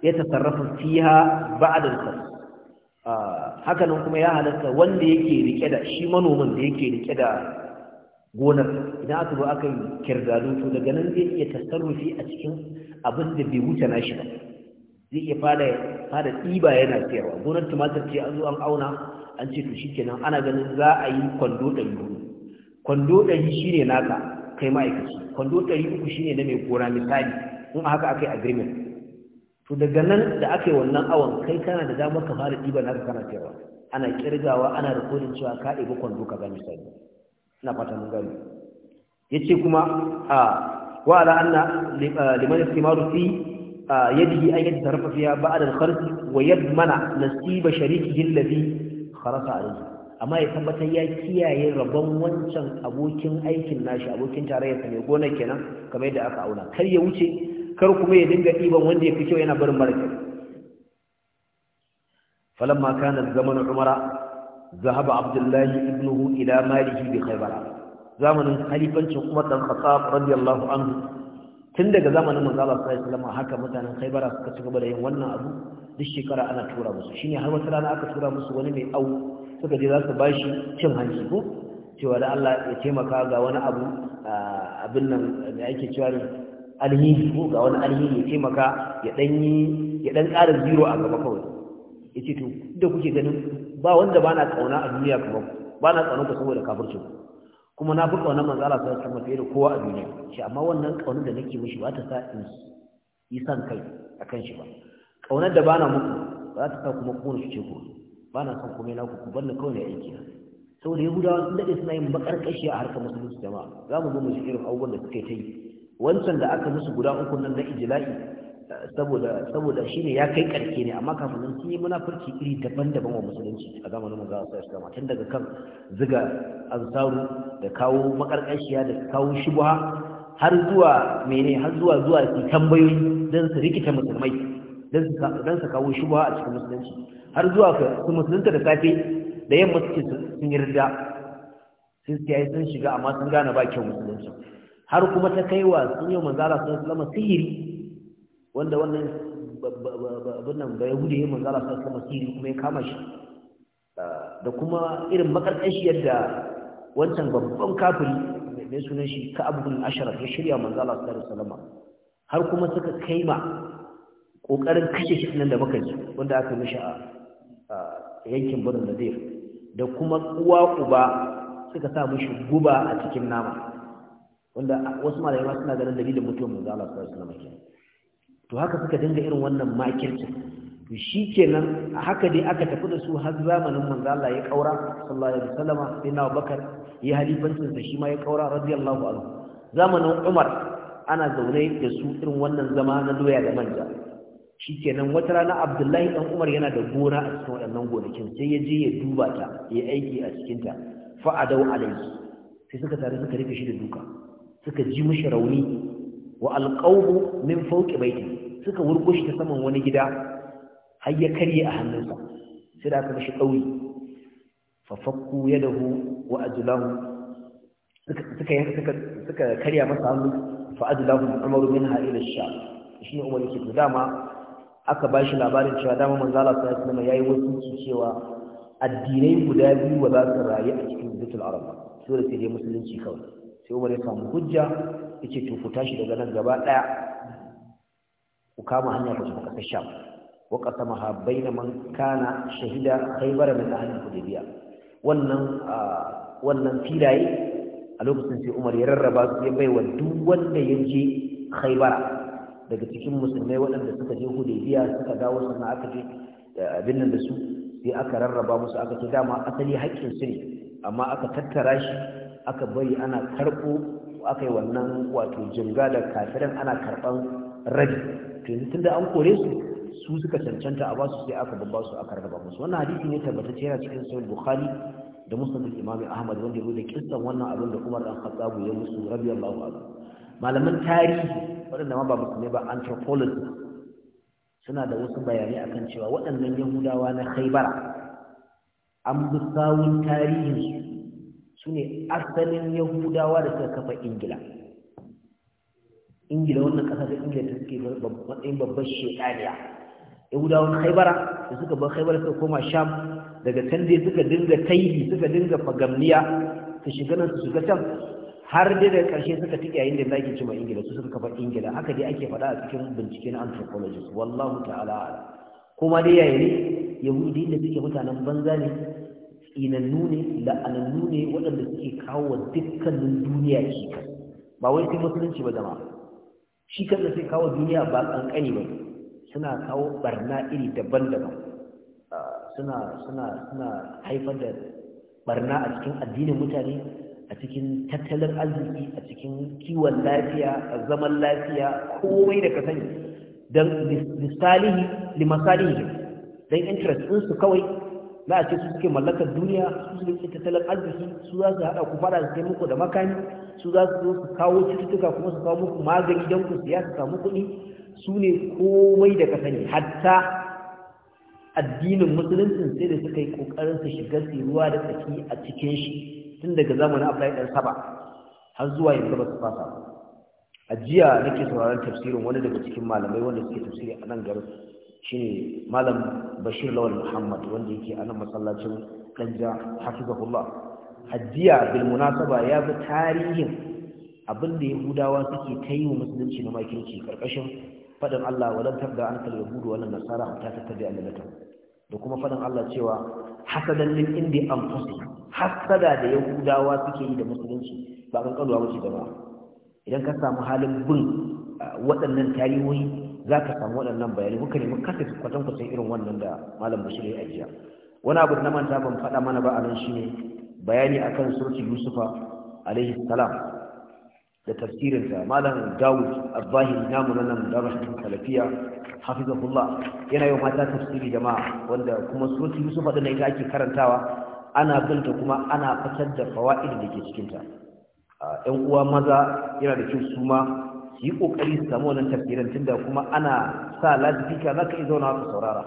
Speaker 1: yatasarrafu fiha ba'da al-fasl ah, haka kuma ya halatta wanda yake rike da shi manoman da yake rike da gonar idan aka zo aka yi kirgado to daga nan zai iya tasarrufi a cikin abin da bai wuce na shi ba zai iya fada fada ɗiba yana siyarwa gonar tumatir ce an zo an auna an ce to shikenan ana ganin za a yi kwando ɗari hudu kwando ɗari shine naka kai ma'aikaci kwando ɗari uku shine na mai gora misali in haka aka yi agreement to daga nan da aka wannan awon kai kana da damar ka fara ɗiba naka kana siyarwa ana kirgawa ana rikodin cewa ka ɗebi kwando ka ga misali ina fata mun gani yace kuma a wa ala anna liman istimaru fi yadihi an yatarafa fiya ba'da al-kharj wa yadmana nasiba sharikihi alladhi kharasa alayhi amma ya tabbatar ya kiyaye rabon wancan abokin aikin nashi abokin tarayyarsa mai gona kenan kamar yadda aka auna kar ya wuce kar kuma ya dinga ɗiban wanda ya fi kyau yana barin mara kyau falamma kana zamanin umara zahaba abdullahi ibnuhu ila malihi bi khaybara zamanin khalifancin umar dan khattab radiyallahu anhu tun daga zamanin manzo Allah sallallahu alaihi wasallam haka mutanen khaybara suka ci gaba da yin wannan abu duk shekara ana tura musu shine har wata rana aka tura musu wani mai au suka je za su bashi cin hanci ko cewa da Allah ya taimaka ga wani abu abin nan da ake cewa alhini ko ga wani alhini ya taimaka ya dan ya dan ƙara zero a gaba kawai yace to da kuke ganin ba wanda ba na kauna a duniya kamar ba na kauna ku saboda kafirci kuma na fi wannan manzala sai kuma alaihi fiye da kowa a duniya shi amma wannan ƙaunar da nake mishi ba ta sa in yi san kai akan shi ba Ƙaunar da bana muku ba ta sa kuma su ce ku ba na son komai na ku ku bar ni kawai na aiki saboda yahudawa sun daɗe suna yin bakar a harkar musulunci jama'a za mu zo mu ji irin abubuwan da suka yi ta yi wancan da aka musu guda uku nan na ijila'i saboda saboda shine ya kai karke ne amma kafin nan sun yi munafurci iri daban-daban wa musulunci a zamanin manzo Allah sallallahu alaihi tun daga kan ziga ansaru da kawo makarkashiya da kawo shubha har zuwa mene har zuwa zuwa tambayoyi dan su rikita musulmai dan su dan su kawo shubha a cikin musulunci har zuwa su musulunta da safe da yamma suke sun yarda sun sai sun shiga amma sun gane ba kyau musulunci har kuma ta kaiwa sun yi manzo sun sallallahu alaihi sihiri wanda wannan abin nan ba yahudu ya manzara su kama siri kuma ya kama shi ah, da kuma irin makarƙashi yadda wancan babban kafiri mai sunan shi ka abubuwan ashirar ya shirya manzara su tare salama har kuma suka kai ma ƙoƙarin kashe shi nan da ji wanda aka mishi a yankin birnin da zai da kuma uwa uba suka sa mishi guba a cikin nama wanda wasu malamai suna ganin dalilin mutuwar manzara su tare salama kenan to haka suka dinga irin wannan makirci to shikenan haka dai aka tafi da su har zamanin manzo Allah ya kaura sallallahu alaihi wasallam sai na Bakar ya halifancin sa shi ma ya kaura radiyallahu anhu zamanin Umar ana zaune da su irin wannan zama na doya da manja shikenan wata rana Abdullahi dan Umar yana da gona a cikin waɗannan gonakin sai ya je ya duba ta ya aiki a cikin ta fa adau alaihi sai suka tare suka rufe shi da duka suka ji mishi rauni wa alqawbu min fawqi baiti suka wurgo shi ta saman wani gida har ya karye a hannunsa sai da aka mashi ɗauri fafakku ya dahu wa ajulahu suka karya masa hannu fa ajulahu umaru min ha'ila sha shi ne yake ke dama aka ba shi labarin cewa dama manzala nama ya yi wasu cewa addinai guda biyu ba za su rayu a cikin zutul arab sai da sai dai musulunci kawai sai umar ya samu hujja yake to shi tashi daga nan gaba ɗaya. ku kama hanya ku tafi kasar sham wa qasamaha baina man kana shahida khaybar min ahli hudaybiya wannan wannan filaye a lokacin sai Umar ya rarraba su ya baiwa duk wanda ya je khaybar daga cikin musulmai waɗanda suka je hudaybiya suka dawo sannan aka je eh, abin nan da su sai aka rarraba musu aka ce dama asali haƙƙin su ne amma aka tattara shi aka bari ana karɓo aka yi wannan wato jinga da kafiran ana karɓan rabi to yanzu tunda an kore su su suka cancanta a basu sai aka babba su aka raba musu wannan hadisi ne tabbata yana cikin sahih bukhari da musnad imami ahmad wanda ya rubuta kissan wannan abin da Umar dan Khattab ya musu radiyallahu anhu malaman tarihi wadanda ma ba musulmai ba anthropology suna da wasu bayanai akan cewa waɗannan yahudawa na khaybar an bi sawun tarihinsu su ne asalin yahudawa da suka kafa ingila ingila wannan ƙasa ta ingila ta suke matsayin babbar shekariya yahudawan haibara da suka bar haibara suka koma sham daga can dai suka dinga taihi suka dinga fagamniya su shiga nan su shiga can har dai daga ƙarshe suka tuki yayin da zaki cima ingila su suka kafa ingila haka dai ake faɗa a cikin bincike na anthropologist wallahu ta'ala kuma dai yayi ne yahudi da suke mutanen banza ne tsinannu ne la'anannu ne waɗanda suke kawo wa dukkanin duniya shi ba wai sai musulunci ba jama'a shi da sai kawo duniya ba kankani ba suna kawo barna iri daban-daban ah, suna suna suna haifar da barna a cikin addinin mutane a cikin tattalin arziki a cikin kiwon lafiya a zaman lafiya komai da ka sani don misali limasalihi don interest ɗinsu kawai za a ce su suke mallakar duniya su suke tattalin arziki su za su haɗa ku fara su kai muku da makami su za su zo su kawo cututtuka kuma su kawo muku magani don ku siya su samu kuɗi su ne komai da kasani hatta addinin musulunci sai da suka yi ƙoƙarin su shiga su ruwa da tsaki a cikin shi tun daga zamanin abdullahi ɗan saba har zuwa yanzu ba su fasa ajiya nake sauraron tafsirin wani daga cikin malamai wanda suke tafsiri a nan garin shine malam bashir lawal muhammad wanda yake a nan masallacin kanja hafizahullah hajjiya bil munasaba ya bi tarihin abinda yahudawa suke ta yi wa musulunci na makirci karkashin faɗin allah walan tabda an kal yahudu wannan nasara hatta tattabi alilatan da kuma faɗin allah cewa hasadan lil indi anfusi hasada da yahudawa suke yi da musulunci ba kan kaluwa gaba da ba idan ka samu halin bin ah, waɗannan tarihohi za ka samu waɗannan bayanai muka nemi kasa su kwatan kusan irin wannan da malam bashir ya ajiya wani abu na manta ban faɗa mana ba a nan ne. bayani akan surti yusufa alaihi salam da tafsirinta, malam dawud abbahiri namu na nan da rahmatin salafiya hafizahullah yana yau mata tafsiri jama'a wanda kuma surti yusufa ɗin ita ake karantawa ana binta kuma ana fitar da fawa'id da ke cikinta ‘yan uwa maza yana da kyau su ma Ki yi ƙoƙari su samu wannan tafsirin da kuma ana sa lasifika za ka iya zauna ka saurara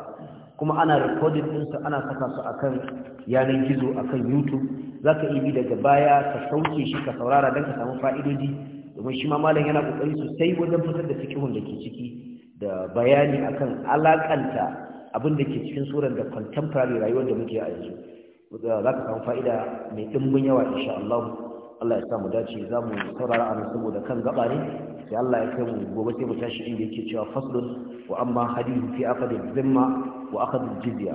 Speaker 1: kuma ana recording ɗinsu ana saka su akan yanar gizo akan youtube za ka iya bi daga baya ka sauke shi ka saurara don ka samu fa'idoji domin shi ma malam yana ƙoƙari sosai wajen fitar da fikihun da ke ciki da bayani akan alaƙanta abin da ke cikin tsoron da contemporary rayuwar da muke a yanzu za ka samu fa'ida mai ɗimbin yawa insha Allah Allah ya sa mu dace za mu saurara a saboda kan gaba ne sai Allah ya kai mu gobe sai mu tashi inda yake cewa faslun wa amma hadithu fi aqd dhimma wa aqd al-jizya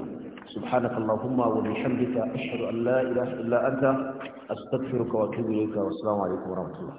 Speaker 1: سبحانك اللهم وبحمدك أشهد أن لا إله إلا أنت أستغفرك وأتوب إليك والسلام عليكم ورحمة الله